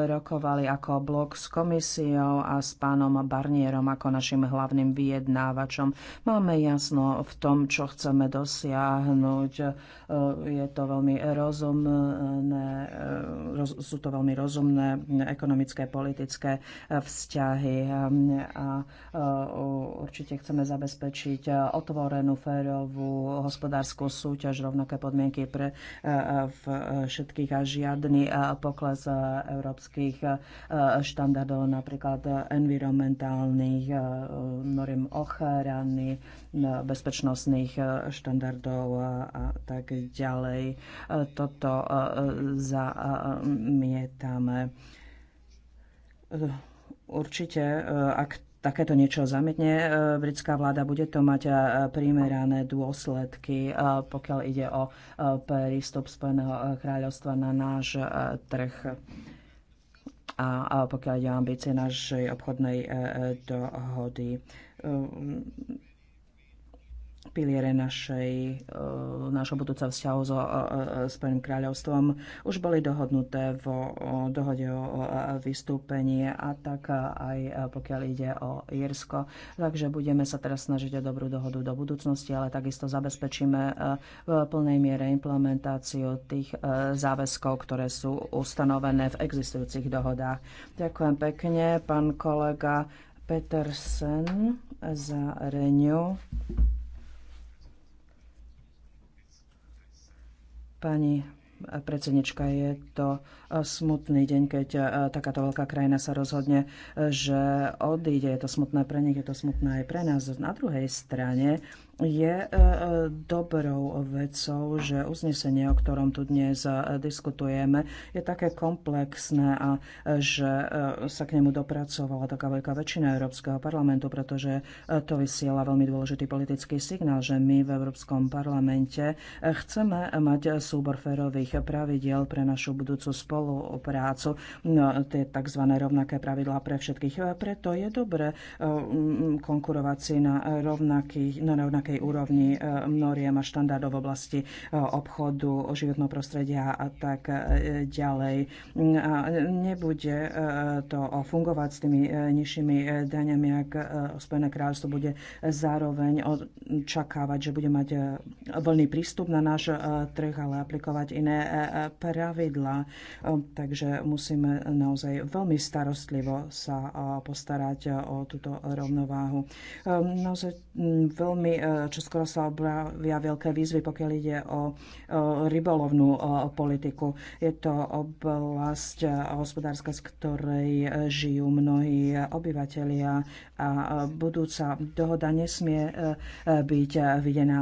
rokovali ako blok s komisiou a s pánom Barnierom ako našim hlavným vyjednávačom. Máme jasno v tom, čo chceme dosiahnuť. E, je to veľmi rozumné, e, sú to veľmi rozumné ekonomické, politické vzťahy a určite chceme zabezpečiť otvorenú, férovú hospodárskú súťaž, rovnaké podmienky pre e, e, e, všetkých a žiadny pokles európskych štandardov, napríklad environmentálnych, noriem ochrany, bezpečnostných štandardov a tak ďalej. Toto zamietame. Určite, ak takéto niečo zametne e, britská vláda, bude to mať e, primerané dôsledky, e, pokiaľ ide o prístup Spojeného kráľovstva na náš trh a pokiaľ ide o ambície našej obchodnej dohody piliere našej, eh, našho budúca vzťahu so eh, eh, Spojeným kráľovstvom už boli dohodnuté v dohode o vystúpení a tak aj pokiaľ ide o Jirsko. Takže budeme sa teraz snažiť o dobrú dohodu do budúcnosti, ale takisto zabezpečíme v plnej miere implementáciu tých záväzkov, ktoré sú ustanovené v existujúcich dohodách. Ďakujem pekne, pán kolega Petersen za reňu. Pani predsednička, je to smutný deň, keď e, takáto veľká krajina sa rozhodne, e, že odíde. Je to smutné pre nich, je to smutné aj pre nás. Na druhej strane je e, dobrou vecou, že uznesenie, o ktorom tu dnes diskutujeme, je také komplexné a že sa k nemu dopracovala taká veľká väčšina Európskeho parlamentu, pretože to vysiela veľmi dôležitý politický signál, že my v Európskom parlamente chceme mať súbor férových pravidiel pre našu budúcu spoločnosť spoluprácu, no, tie tzv. rovnaké pravidlá pre všetkých. Preto je dobre konkurovať si na, rovnaký, na rovnakej úrovni e, noriem a štandardov v oblasti e, obchodu, životného prostredia a tak e, ďalej. Mm, a nebude to fungovať s tými nižšími daňami, ak Spojené kráľstvo bude zároveň očakávať, že bude mať voľný prístup na náš trh, ale aplikovať iné pravidlá. Takže musíme naozaj veľmi starostlivo sa postarať o túto rovnováhu. Ehm, naozaj veľmi e, čoskoro sa objavia veľké výzvy, pokiaľ ide o rybolovnú e, politiku. Je to oblasť e, hospodárska, z ktorej žijú mnohí obyvateľia a budúca dohoda nesmie byť videná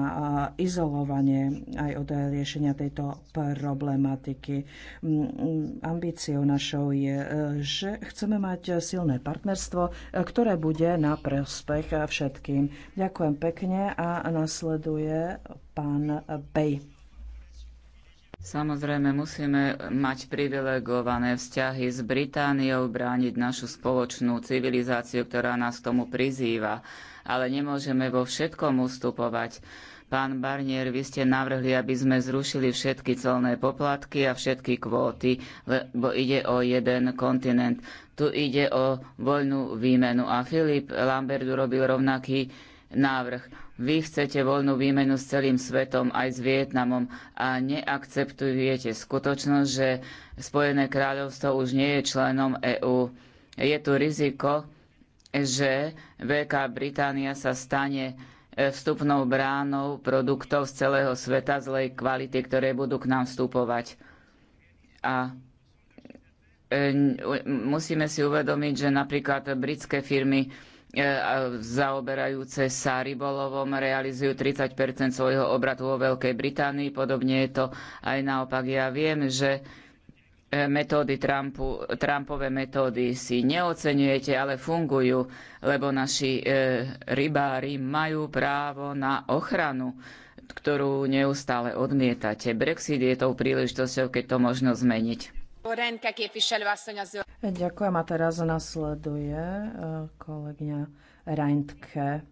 izolovanie aj od riešenia tejto problematiky ambíciou našou je, e, že chceme mať silné partnerstvo, e, ktoré bude na prospech všetkým. Ďakujem pekne a nasleduje pán Bej. Samozrejme, musíme mať privilegované vzťahy s Britániou, brániť našu spoločnú civilizáciu, ktorá nás tomu prizýva ale nemôžeme vo všetkom ustupovať. Pán Barnier, vy ste navrhli, aby sme zrušili všetky colné poplatky a všetky kvóty, lebo ide o jeden kontinent. Tu ide o voľnú výmenu. A Filip Lambert urobil rovnaký návrh. Vy chcete voľnú výmenu s celým svetom aj s Vietnamom a neakceptujete skutočnosť, že Spojené kráľovstvo už nie je členom EÚ. Je tu riziko, že Veľká Británia sa stane e, vstupnou bránou produktov z celého sveta zlej kvality, ktoré budú k nám vstupovať. A e, musíme si uvedomiť, že napríklad britské firmy e, zaoberajúce sa rybolovom realizujú 30 svojho obratu vo Veľkej Británii. Podobne je to aj naopak. Ja viem, že metódy Trumpu, Trumpové metódy si neocenujete, ale fungujú, lebo naši e, rybári majú právo na ochranu, ktorú neustále odmietate. Brexit je tou príležitosťou, keď to možno zmeniť. Ďakujem a teraz nasleduje e, kolegyňa Reintke.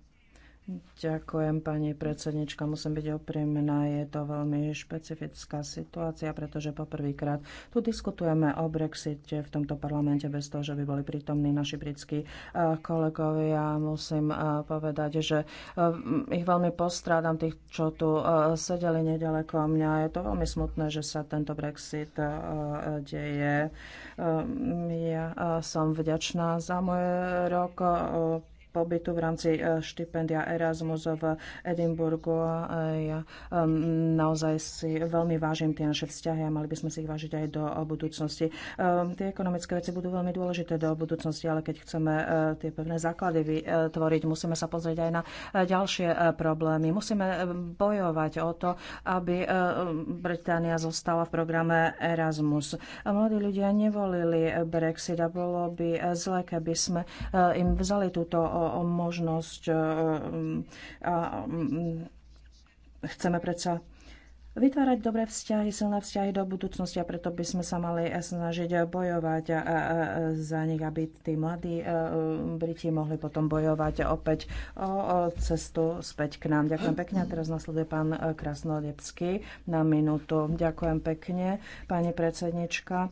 Ďakujem, pani predsednička. Musím byť oprímna, je to veľmi špecifická situácia, pretože poprvýkrát tu diskutujeme o Brexite v tomto parlamente bez toho, že by boli prítomní naši britskí eh, kolegovia. Musím eh, povedať, že eh, ich veľmi postrádam, tých, čo tu sedeli nedaleko mňa. Je to veľmi smutné, že sa tento Brexit deje. Ja som vďačná za môj rok pobytu v rámci e, štipendia Erasmus v Edimburgu. E, ja naozaj si veľmi vážim tie naše vzťahy a mali by sme si ich vážiť aj do e, budúcnosti. Tie ekonomické veci budú veľmi dôležité do budúcnosti, ale keď chceme tie pevné základy vytvoriť, musíme sa pozrieť aj na ďalšie problémy. Musíme bojovať o to, aby Británia zostala v programe Erasmus. Mladí ľudia nevolili Brexit a bolo by zle, keby sme im vzali túto možnosť. Eh, mm, chceme predsa vytvárať dobré vzťahy, silné vzťahy do budúcnosti a preto by sme sa mali snažiť bojovať eh, eh, za nich, aby tí mladí Briti mohli potom bojovať opäť o cestu späť k nám. Ďakujem pekne. A teraz nasleduje pán Krasnodebský na minútu. Ďakujem pekne, pani predsednička.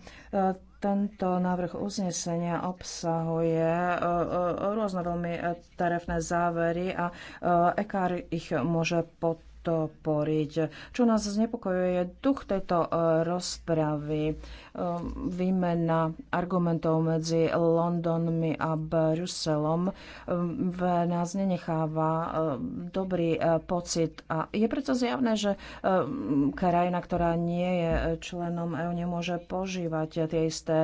Tento návrh uznesenia obsahuje e, e, rôzne veľmi tarefné závery a e, EKR ich môže podporiť podporiť. Čo nás znepokojuje, je duch tejto e, rozpravy, e, výmena argumentov medzi Londonmi a Bruselom e, v nás nenecháva dobrý pocit. A je preto zjavné, že krajina, ktorá nie je členom EU, nemôže požívať tie isté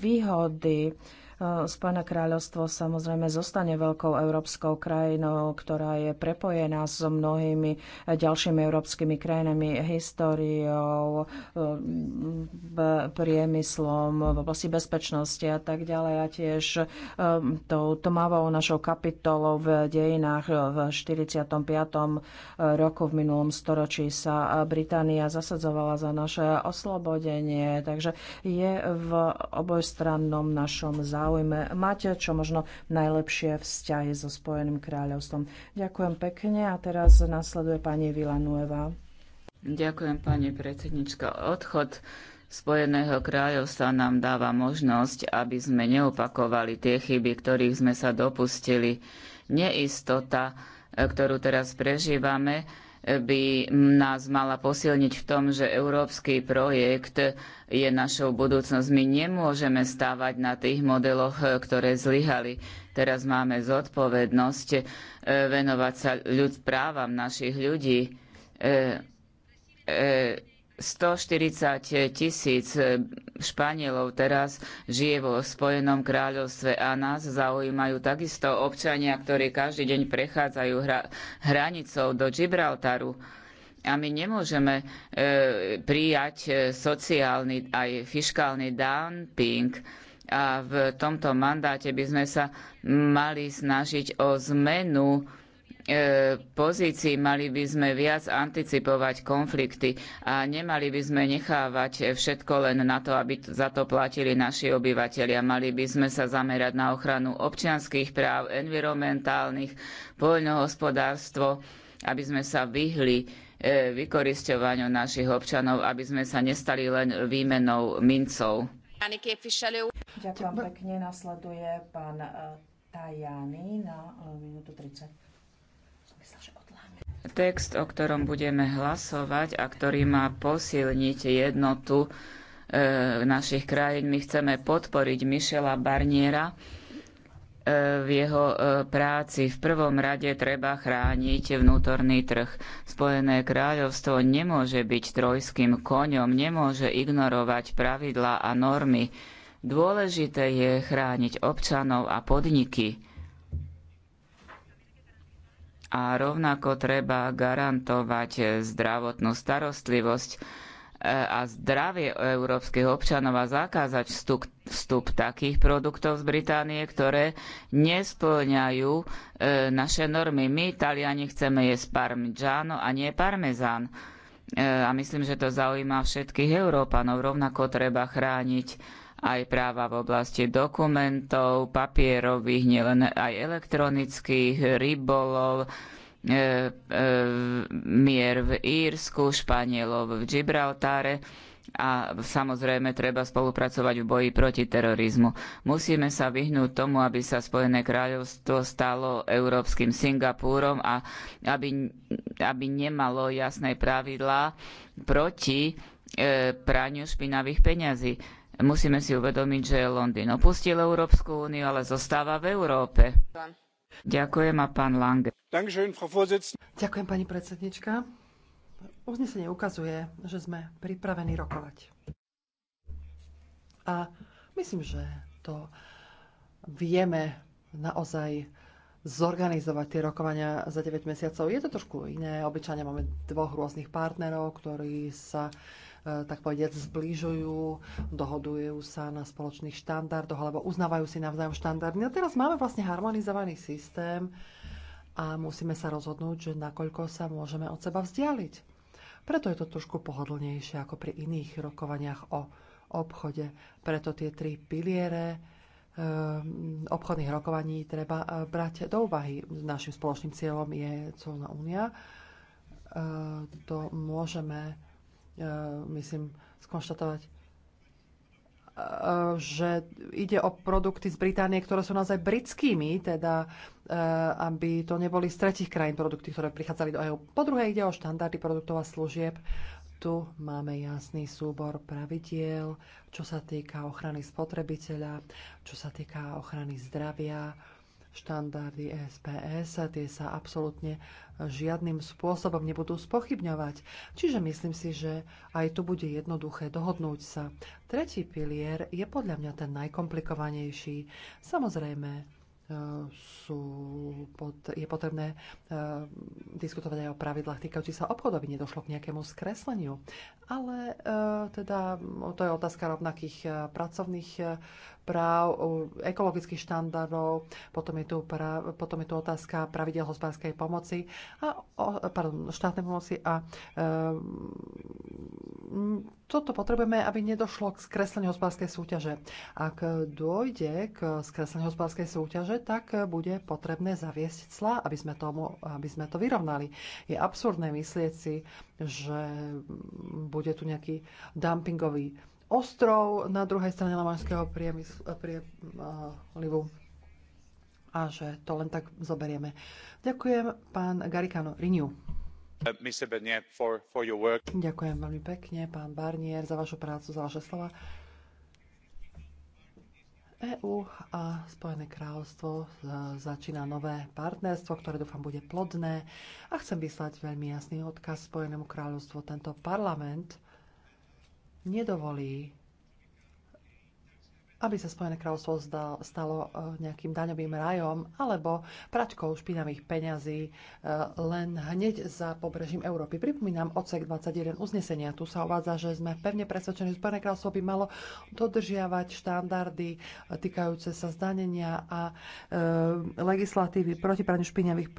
výhody. Eh, Spojené kráľovstvo samozrejme zostane veľkou európskou krajinou, ktorá je prepojená so mnohými eh, ďalšími európskymi krajinami, históriou, eh, priemyslom, v oblasti bezpečnosti a tak ďalej. A tiež tou tmavou našou kapitolou v dejinách v 45. roku v minulom storočí sa Británia zasadzovala za naše oslobodenie. Takže je v obojstrannom našom záujme záujme máte, čo možno najlepšie vzťahy so Spojeným kráľovstvom. Ďakujem pekne a teraz nasleduje pani Nueva. Ďakujem pani predsednička. Odchod Spojeného kráľovstva nám dáva možnosť, aby sme neopakovali tie chyby, ktorých sme sa dopustili. Neistota, ktorú teraz prežívame, by nás mala posilniť v tom, že európsky projekt je našou budúcnosť. My nemôžeme stávať na tých modeloch, ktoré zlyhali. Teraz máme zodpovednosť e, venovať sa ľud právam našich ľudí. E, e, 140 tisíc eh, Španielov teraz žije vo Spojenom kráľovstve a nás zaujímajú takisto občania, ktorí každý deň prechádzajú hra, hranicou do Gibraltaru. A my nemôžeme e, prijať eh, sociálny aj fiškálny dumping. A v tomto mandáte by sme sa mali snažiť o zmenu E, pozícii mali by sme viac anticipovať konflikty a nemali by sme nechávať všetko len na to, aby za to platili naši obyvateľia. Mali by sme sa zamerať na ochranu občianskych práv, environmentálnych, poľnohospodárstvo, aby sme sa vyhli e, vykorisťovaniu našich občanov, aby sme sa nestali len výmenou mincov. Ďakujem pekne. Nasleduje pán e, Tajani na minútu 30. Text, o ktorom budeme hlasovať a ktorý má posilniť jednotu e, našich krajín. My chceme podporiť Michela Barniera e, v jeho e, práci. V prvom rade treba chrániť vnútorný trh. Spojené kráľovstvo nemôže byť trojským koňom, nemôže ignorovať pravidlá a normy. Dôležité je chrániť občanov a podniky a rovnako treba garantovať zdravotnú starostlivosť e, a zdravie európskych občanov a zakázať vstup, vstup takých produktov z Británie, ktoré nesplňajú e, naše normy. My, Taliani, chceme jesť parmigiano a nie parmezán. E, a myslím, že to zaujíma všetkých Európanov. Rovnako treba chrániť aj práva v oblasti dokumentov, papierových, nielen aj elektronických, rybolov, e, e, mier v Írsku, Španielov v Gibraltáre a samozrejme treba spolupracovať v boji proti terorizmu. Musíme sa vyhnúť tomu, aby sa Spojené kráľovstvo stalo európskym Singapúrom a aby, aby nemalo jasné pravidlá proti e, praniu špinavých peňazí Musíme si uvedomiť, že Londýn opustil Európsku úniu, ale zostáva v Európe. Ďakujem a pán Lange. Ďakujem, pani predsednička. Uznesenie ukazuje, že sme pripravení rokovať. A myslím, že to vieme naozaj zorganizovať tie rokovania za 9 mesiacov. Je to trošku iné. Obyčajne máme dvoch rôznych partnerov, ktorí sa tak povediať, zbližujú, dohodujú sa na spoločných štandardoch alebo uznávajú si navzájom štandardy. A teraz máme vlastne harmonizovaný systém a musíme sa rozhodnúť, že nakoľko sa môžeme od seba vzdialiť. Preto je to trošku pohodlnejšie ako pri iných rokovaniach o obchode. Preto tie tri piliere e, obchodných rokovaní treba e, brať do úvahy. Našim spoločným cieľom je colná únia. E, to môžeme E, myslím, skonštatovať, e, že ide o produkty z Británie, ktoré sú naozaj britskými, teda e, aby to neboli z tretich krajín produkty, ktoré prichádzali do EÚ. Po druhé ide o štandardy produktov a služieb. Tu máme jasný súbor pravidiel, čo sa týka ochrany spotrebiteľa, čo sa týka ochrany zdravia, štandardy SPS, tie sa absolútne žiadnym spôsobom nebudú spochybňovať. Čiže myslím si, že aj tu bude jednoduché dohodnúť sa. Tretí pilier je podľa mňa ten najkomplikovanejší. Samozrejme, e, sú pod, je potrebné uh, diskutovať aj o pravidlách týkajúci sa obchodu, aby nedošlo k nejakému skresleniu. Ale uh, teda to je otázka rovnakých uh, pracovných práv, ekologických štandardov, potom je tu, pra, potom je tu otázka pravidel hospodárskej pomoci a, pardon, štátnej pomoci a e, toto potrebujeme, aby nedošlo k skresleniu hospodárskej súťaže. Ak dôjde k skresleniu hospodárskej súťaže, tak bude potrebné zaviesť cla, aby sme, tomu, aby sme to vyrovnali. Je absurdné myslieť si, že bude tu nejaký dumpingový ostrov na druhej strane Lamanského prielivu eh, eh, a že to len tak zoberieme. Ďakujem pán Garikano Riniu. Uh, Ďakujem veľmi pekne, pán Barnier, za vašu prácu, za vaše slova. EU a Spojené kráľovstvo eh, začína nové partnerstvo, ktoré dúfam bude plodné a chcem vyslať veľmi jasný odkaz Spojenému kráľovstvu. Tento parlament nedovolí aby sa Spojené kráľovstvo stalo e, nejakým daňovým rajom alebo pračkou špinavých peňazí e, len hneď za pobrežím Európy. Pripomínam odsek 21 uznesenia. Tu sa uvádza, že sme pevne presvedčení, že Spojené kráľovstvo by malo dodržiavať štandardy e, týkajúce sa zdanenia a legislatívy proti praniu špinavých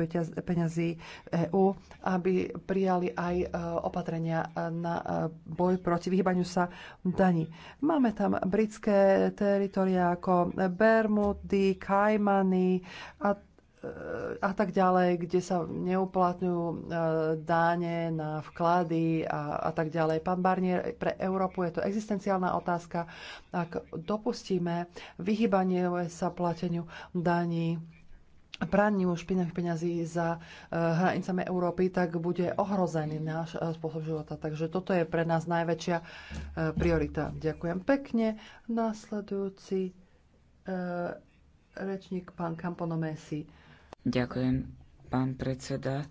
peňazí EÚ, aby prijali aj opatrenia na boj proti vyhybaniu sa daní. Máme tam britské teritoria ako Bermudy, Kajmany a a tak ďalej, kde sa neuplatňujú e, dáne na vklady a, a tak ďalej. Pán Barnier, pre Európu je to existenciálna otázka. Ak dopustíme vyhybanie sa plateniu daní, praniu špinavých peňazí za eh, hranicami Európy, tak bude ohrozený náš eh, spôsob života. Takže toto je pre nás najväčšia eh, priorita. Ďakujem pekne. Nasledujúci rečník pán kamponomesi. Ďakujem, pán predseda.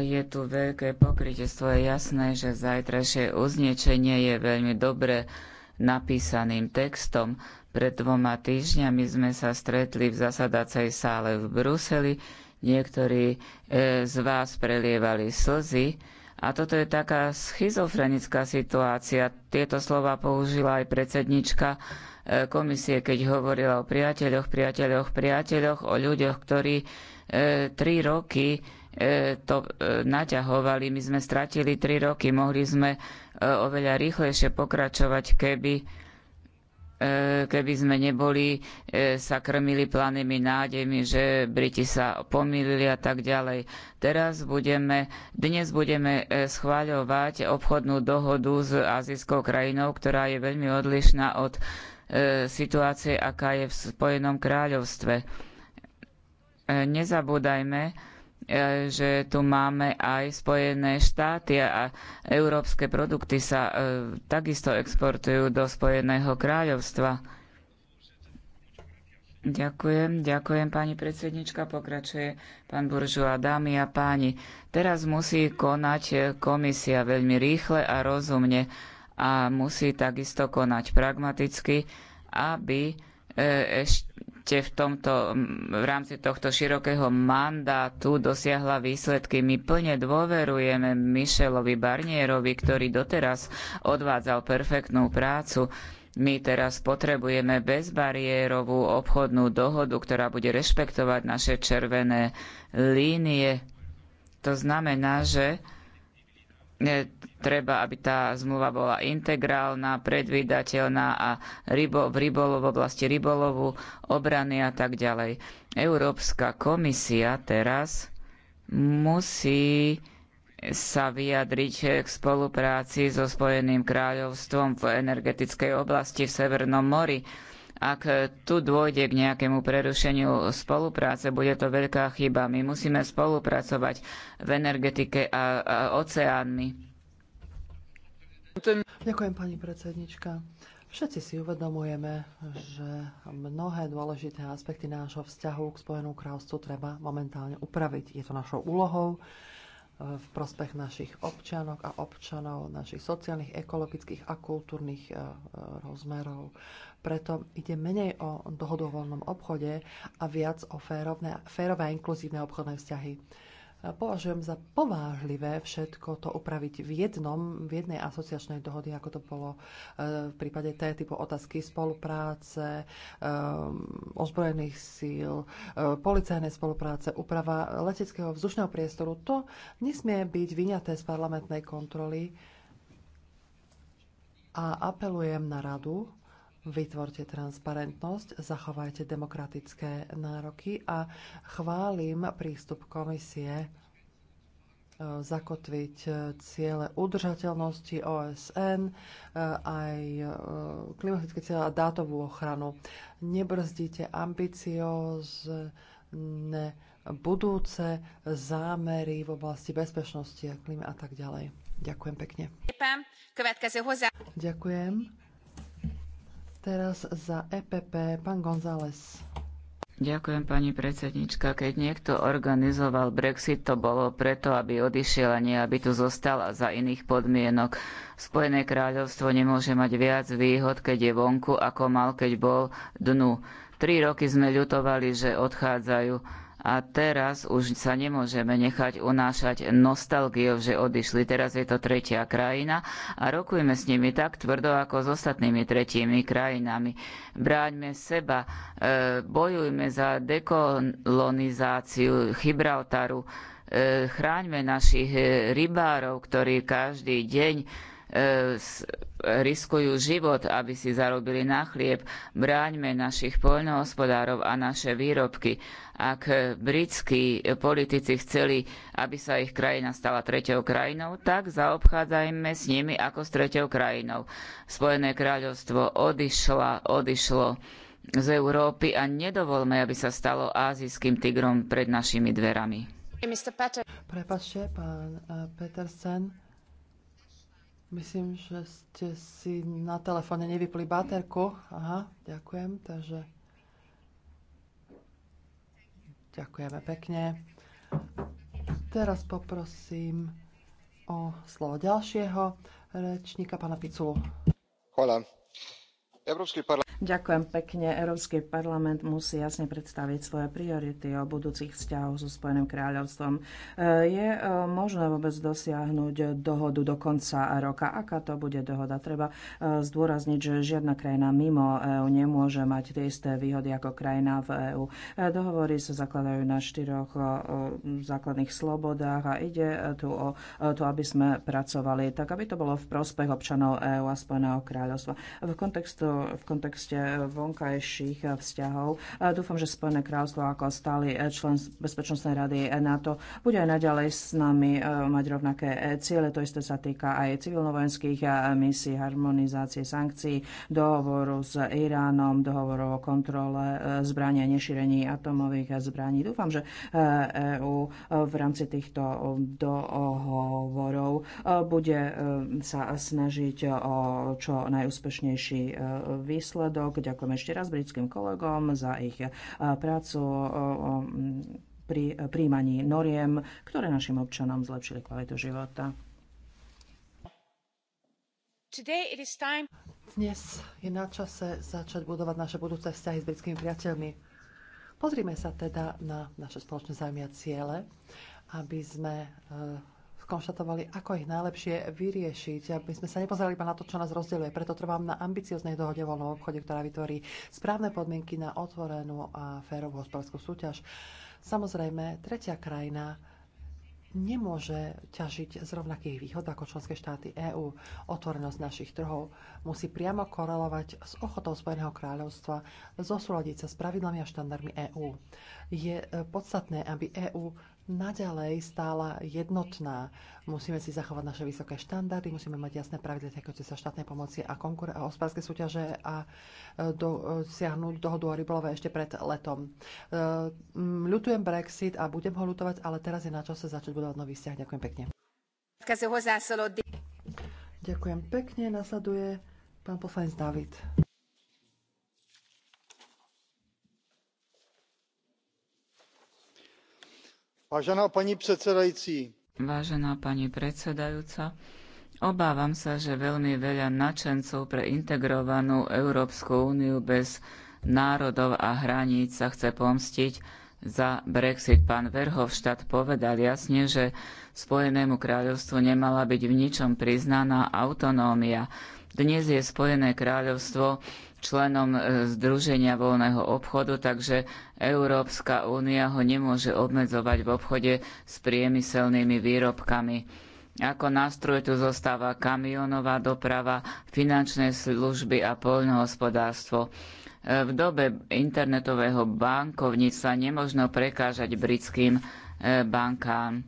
Je tu veľké pokrytectvo. Je jasné, že zajtrajšie uzniečenie je veľmi dobre napísaným textom pred dvoma týždňami sme sa stretli v zasadacej sále v Bruseli. Niektorí e, z vás prelievali slzy. A toto je taká schizofrenická situácia. Tieto slova použila aj predsednička e, komisie, keď hovorila o priateľoch, priateľoch, priateľoch, o ľuďoch, ktorí e, tri roky to naťahovali. My sme stratili tri roky, mohli sme oveľa rýchlejšie pokračovať, keby E, keby sme neboli, e, sa krmili planými nádejmi, že Briti sa pomýlili a tak ďalej. Teraz budeme, dnes budeme e, schváľovať obchodnú dohodu s azijskou krajinou, ktorá je veľmi odlišná od situácie, aká je v Spojenom kráľovstve. Nezabúdajme, E, že tu máme aj Spojené štáty a európske produkty sa e, takisto exportujú do Spojeného kráľovstva. Ďakujem, ďakujem pani predsednička, pokračuje pán Buržua, dámy a páni. Teraz musí konať komisia veľmi rýchle a rozumne a musí takisto konať pragmaticky, aby e, v, tomto, mm, v rámci tohto širokého mandátu dosiahla výsledky. My plne dôverujeme Michelovi Barnierovi, ktorý doteraz odvádzal perfektnú prácu. My teraz potrebujeme bezbariérovú obchodnú dohodu, ktorá bude rešpektovať naše červené línie. To znamená, že E, treba, aby tá zmluva bola integrálna, predvídateľná a rybo, v, rybolo, v oblasti rybolovu, obrany a tak ďalej. Európska komisia teraz musí sa vyjadriť k spolupráci so Spojeným kráľovstvom v energetickej oblasti v Severnom mori ak tu dôjde k nejakému prerušeniu spolupráce, bude to veľká chyba. My musíme spolupracovať v energetike a, a oceánmi. Ďakujem, pani predsednička. Všetci si uvedomujeme, že mnohé dôležité aspekty nášho vzťahu k Spojenú kráľstvu treba momentálne upraviť. Je to našou úlohou v prospech našich občanok a občanov, našich sociálnych, ekologických a kultúrnych e, e, rozmerov. Preto ide menej o dohodu o voľnom obchode a viac o férové, férové a inkluzívne obchodné vzťahy. Považujem za povážlivé všetko to upraviť v jednom, v jednej asociačnej dohody, ako to bolo e, v prípade té typu otázky spolupráce, e, ozbrojených síl, e, policajnej spolupráce, úprava leteckého vzdušného priestoru. To nesmie byť vyňaté z parlamentnej kontroly a apelujem na radu, Vytvorte transparentnosť, zachovajte demokratické nároky a chválim prístup komisie e, zakotviť e, ciele udržateľnosti OSN, e, aj klimatické ciele a dátovú ochranu. Nebrzdíte ambiciózne budúce zámery v oblasti bezpečnosti a klímy a tak ďalej. Ďakujem pekne. Ďakujem. Teraz za EPP pán González. Ďakujem, pani predsednička. Keď niekto organizoval Brexit, to bolo preto, aby odišiel a nie, aby tu zostala za iných podmienok. Spojené kráľovstvo nemôže mať viac výhod, keď je vonku, ako mal, keď bol dnu. Tri roky sme ľutovali, že odchádzajú a teraz už sa nemôžeme nechať unášať nostalgiou, že odišli. Teraz je to tretia krajina a rokujme s nimi tak tvrdo ako s ostatnými tretími krajinami. Bráňme seba, e, bojujme za dekolonizáciu Gibraltaru, e, chráňme našich e, rybárov, ktorí každý deň E, riskujú život, aby si zarobili na chlieb. Bráňme našich poľnohospodárov a naše výrobky. Ak britskí politici chceli, aby sa ich krajina stala treťou krajinou, tak zaobchádzajme s nimi ako s treťou krajinou. Spojené kráľovstvo odišla, odišlo z Európy a nedovolme, aby sa stalo ázijským tigrom pred našimi dverami. Prepašte, pán eh, Petersen, Myslím, že ste si na telefóne nevypli baterku. Aha, ďakujem. Takže ďakujeme pekne. Teraz poprosím o slovo ďalšieho rečníka, pána Piculu. Hola. Ďakujem pekne. Európsky parlament musí jasne predstaviť svoje priority o budúcich vzťahoch so Spojeným kráľovstvom. Eh, je eh, možné vôbec dosiahnuť dohodu do konca roka? Aká to bude dohoda? Treba eh, zdôrazniť, že žiadna krajina mimo EÚ nemôže mať tie isté výhody ako krajina v EÚ. Dohovory sa zakladajú na štyroch základných slobodách a ide tu o to, aby sme pracovali tak, aby to bolo v prospech občanov EÚ a Spojeného kráľovstva. V kontextu v kontexte vonkajších vzťahov. Dúfam, že Spojené kráľstvo ako stály člen Bezpečnostnej rady NATO bude aj naďalej s nami e, mať rovnaké e, ciele. To isté sa týka aj civilnovojenských e, misií, harmonizácie sankcií, dohovoru s Iránom, dohovoru o kontrole zbrania, nešírení atomových zbraní. Dúfam, že EÚ v rámci týchto dohovorov bude sa snažiť o čo najúspešnejší výsledok. Ďakujem ešte raz britským kolegom za ich eh, prácu pri príjmaní noriem, ktoré našim občanom zlepšili kvalitu života. Dnes je na čase začať budovať naše budúce vzťahy s britskými priateľmi. Pozrime sa teda na naše spoločné zájmy a ciele, aby sme eh, skonštatovali, ako ich najlepšie vyriešiť, aby sme sa nepozerali iba na to, čo nás rozdieluje. Preto trvám na ambicioznej dohode o voľnom obchode, ktorá vytvorí správne podmienky na otvorenú a férovú hospodárskú súťaž. Samozrejme, tretia krajina nemôže ťažiť z rovnakých výhod ako členské štáty EÚ. Otvorenosť našich trhov musí priamo korelovať s ochotou Spojeného kráľovstva zosúľadiť sa s pravidlami a štandardmi EÚ. Je podstatné, aby EÚ naďalej stála jednotná. Musíme si zachovať naše vysoké štandardy, musíme mať jasné pravidla týkajúce sa štátnej pomoci a konkur a hospodárskej súťaže a e, dosiahnuť e, dohodu o rybolove ešte pred letom. E, ľutujem Brexit a budem ho ľutovať, ale teraz je na čase začať budovať nový vzťah. Ďakujem pekne. Ďakujem pekne. Nasleduje pán poslanec David. Vážená pani Vážená pani predsedajúca, obávam sa, že veľmi veľa nadšencov pre integrovanú Európsku úniu bez národov a hraníc sa chce pomstiť za Brexit. Pán Verhofstadt povedal jasne, že Spojenému kráľovstvu nemala byť v ničom priznaná autonómia. Dnes je Spojené kráľovstvo členom e, Združenia voľného obchodu, takže Európska únia ho nemôže obmedzovať v obchode s priemyselnými výrobkami. Ako nástroj tu zostáva kamionová doprava, finančné služby a poľnohospodárstvo. E, v dobe internetového bankovníctva nemožno prekážať britským e, bankám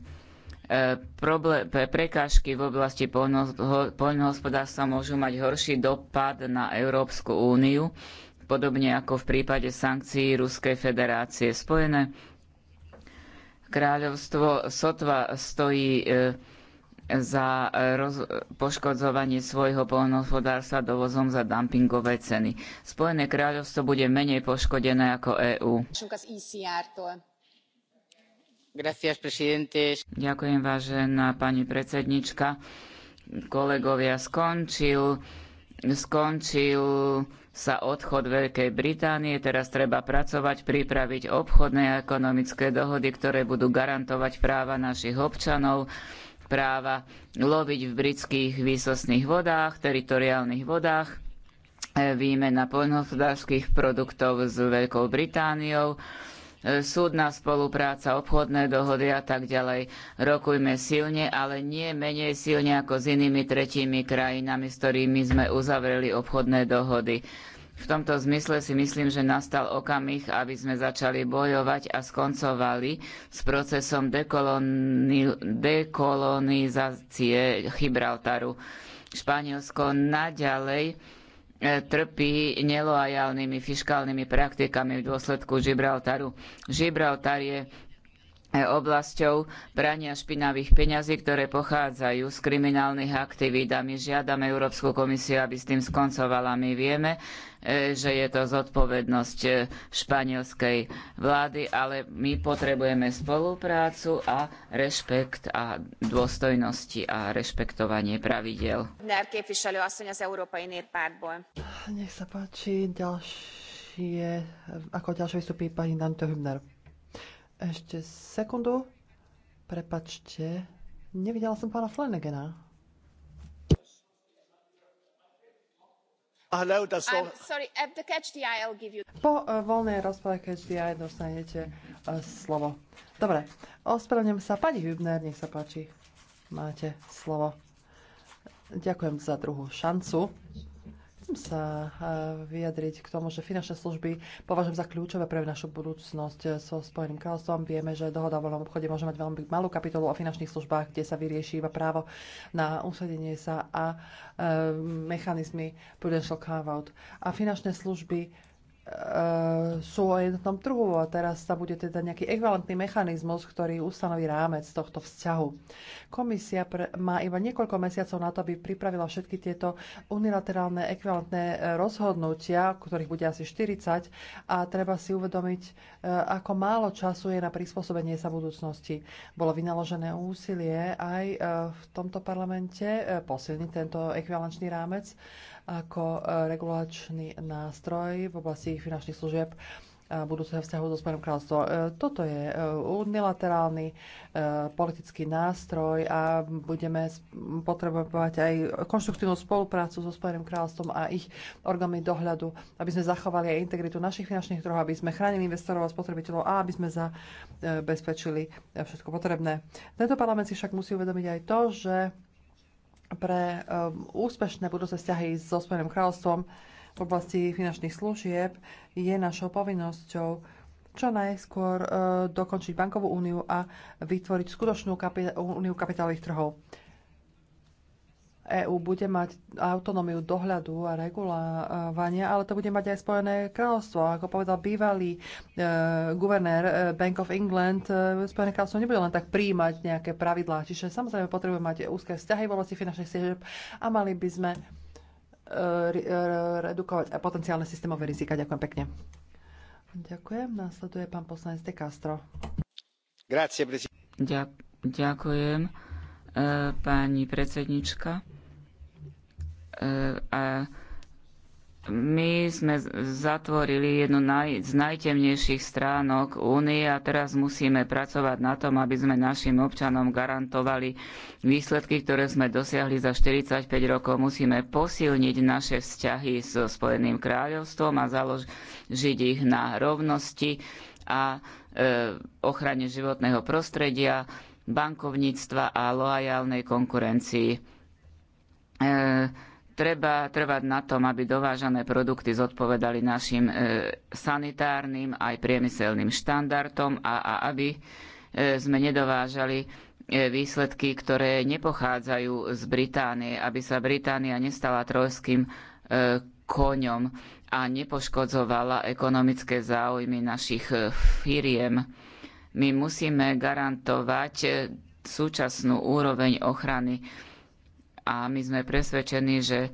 prekážky v oblasti poľnohospodárstva môžu mať horší dopad na Európsku úniu, podobne ako v prípade sankcií Ruskej federácie. Spojené kráľovstvo sotva stojí e, za e, poškodzovanie svojho poľnohospodárstva dovozom za dumpingové ceny. Spojené kráľovstvo bude menej poškodené ako EÚ. Ďakujem, vážená pani predsednička. Kolegovia, skončil, skončil sa odchod Veľkej Británie, teraz treba pracovať, pripraviť obchodné a ekonomické dohody, ktoré budú garantovať práva našich občanov, práva loviť v britských výsostných vodách, teritoriálnych vodách, e, výmena poľnohospodárskych produktov s Veľkou Britániou, súdna spolupráca, obchodné dohody a tak ďalej. Rokujme silne, ale nie menej silne ako s inými tretími krajinami, s ktorými sme uzavreli obchodné dohody. V tomto zmysle si myslím, že nastal okamih, aby sme začali bojovať a skoncovali s procesom dekoloni- dekolonizácie Gibraltaru. Španielsko naďalej E, trpí nelojálnymi fiškálnymi praktikami v dôsledku Gibraltaru. Gibraltar je e, oblasťou prania špinavých peňazí, ktoré pochádzajú z kriminálnych aktivít a my žiadame Európsku komisiu, aby s tým skoncovala. My vieme, E, že je to zodpovednosť e, španielskej vlády, ale my potrebujeme spoluprácu a rešpekt a dôstojnosti a rešpektovanie pravidel. Nech sa páči, ďalšie, ako ďalšie vystupí pani Dante Hübner. Ešte sekundu. Prepačte, nevidela som pána Flanagana. Po eh, voľnej rozprave Catch the Eye dostanete eh, slovo. Dobre, ospravedlňujem sa. Pani Hübner, nech sa páči. Máte slovo. Ďakujem za druhú šancu sa e, vyjadriť k tomu, že finančné služby považujem za kľúčové pre našu budúcnosť e, so Spojeným kráľovstvom. Vieme, že dohoda o voľnom obchode môže mať veľmi malú kapitolu o finančných službách, kde sa vyrieši iba právo na usadenie sa a e, mechanizmy prudential carve-out. A finančné služby E, sú o jednotnom trhu a teraz sa bude teda nejaký ekvivalentný mechanizmus, ktorý ustanoví rámec tohto vzťahu. Komisia pre, má iba niekoľko mesiacov na to, aby pripravila všetky tieto unilaterálne ekvivalentné e, rozhodnutia, ktorých bude asi 40 a treba si uvedomiť, e, ako málo času je na prispôsobenie sa budúcnosti. Bolo vynaložené úsilie aj v tomto parlamente posilniť tento ekvivalenčný rámec ako e, regulačný nástroj v oblasti finančných služieb e, budúceho vzťahu so Spojeným kráľovstvom. E, toto je unilaterálny politický nástroj a budeme potrebovať aj konštruktívnu spoluprácu so Spojeným kráľovstvom a ich orgánmi dohľadu, aby sme zachovali aj integritu našich finančných trhov, aby sme chránili investorov a spotrebiteľov a aby sme zabezpečili všetko potrebné. Tento parlament si však musí uvedomiť aj to, že pre eh, úspešné budúce vzťahy so Spojeným kráľovstvom v oblasti finančných služieb je našou povinnosťou čo najskôr eh, dokončiť bankovú úniu a vytvoriť skutočnú úniu kapitálových trhov. EÚ bude mať autonómiu dohľadu a regulovania, ale to bude mať aj Spojené kráľovstvo. Ako povedal bývalý e, guvernér e, Bank of England, e, Spojené kráľovstvo nebude len tak príjmať nejaké pravidlá. Čiže samozrejme potrebujeme mať úzke vzťahy v oblasti finančných služieb a mali by sme e, e redukovať potenciálne systémové rizika. Ďakujem pekne. Ďakujem. Následuje pán poslanec De Castro. Grazie, Ďakujem, e, pani predsednička a my sme zatvorili jednu z najtemnejších stránok únie a teraz musíme pracovať na tom, aby sme našim občanom garantovali výsledky, ktoré sme dosiahli za 45 rokov. Musíme posilniť naše vzťahy so Spojeným kráľovstvom a založiť ich na rovnosti a e, ochrane životného prostredia, bankovníctva a loajálnej konkurencii. E, Treba trvať na tom, aby dovážané produkty zodpovedali našim e, sanitárnym aj priemyselným štandardom a, a aby e, sme nedovážali e, výsledky, ktoré nepochádzajú z Británie, aby sa Británia nestala trojským koňom a nepoškodzovala ekonomické záujmy našich firiem. My musíme garantovať súčasnú úroveň ochrany a my sme presvedčení, že e,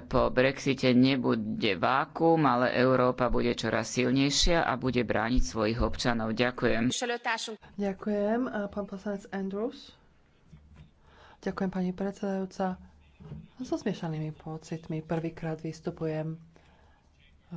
po Brexite nebude vákum, ale Európa bude čoraz silnejšia a bude brániť svojich občanov. Ďakujem. Ďakujem, pán poslanec Andrews. Ďakujem, pani predsedajúca. So zmiešanými pocitmi prvýkrát vystupujem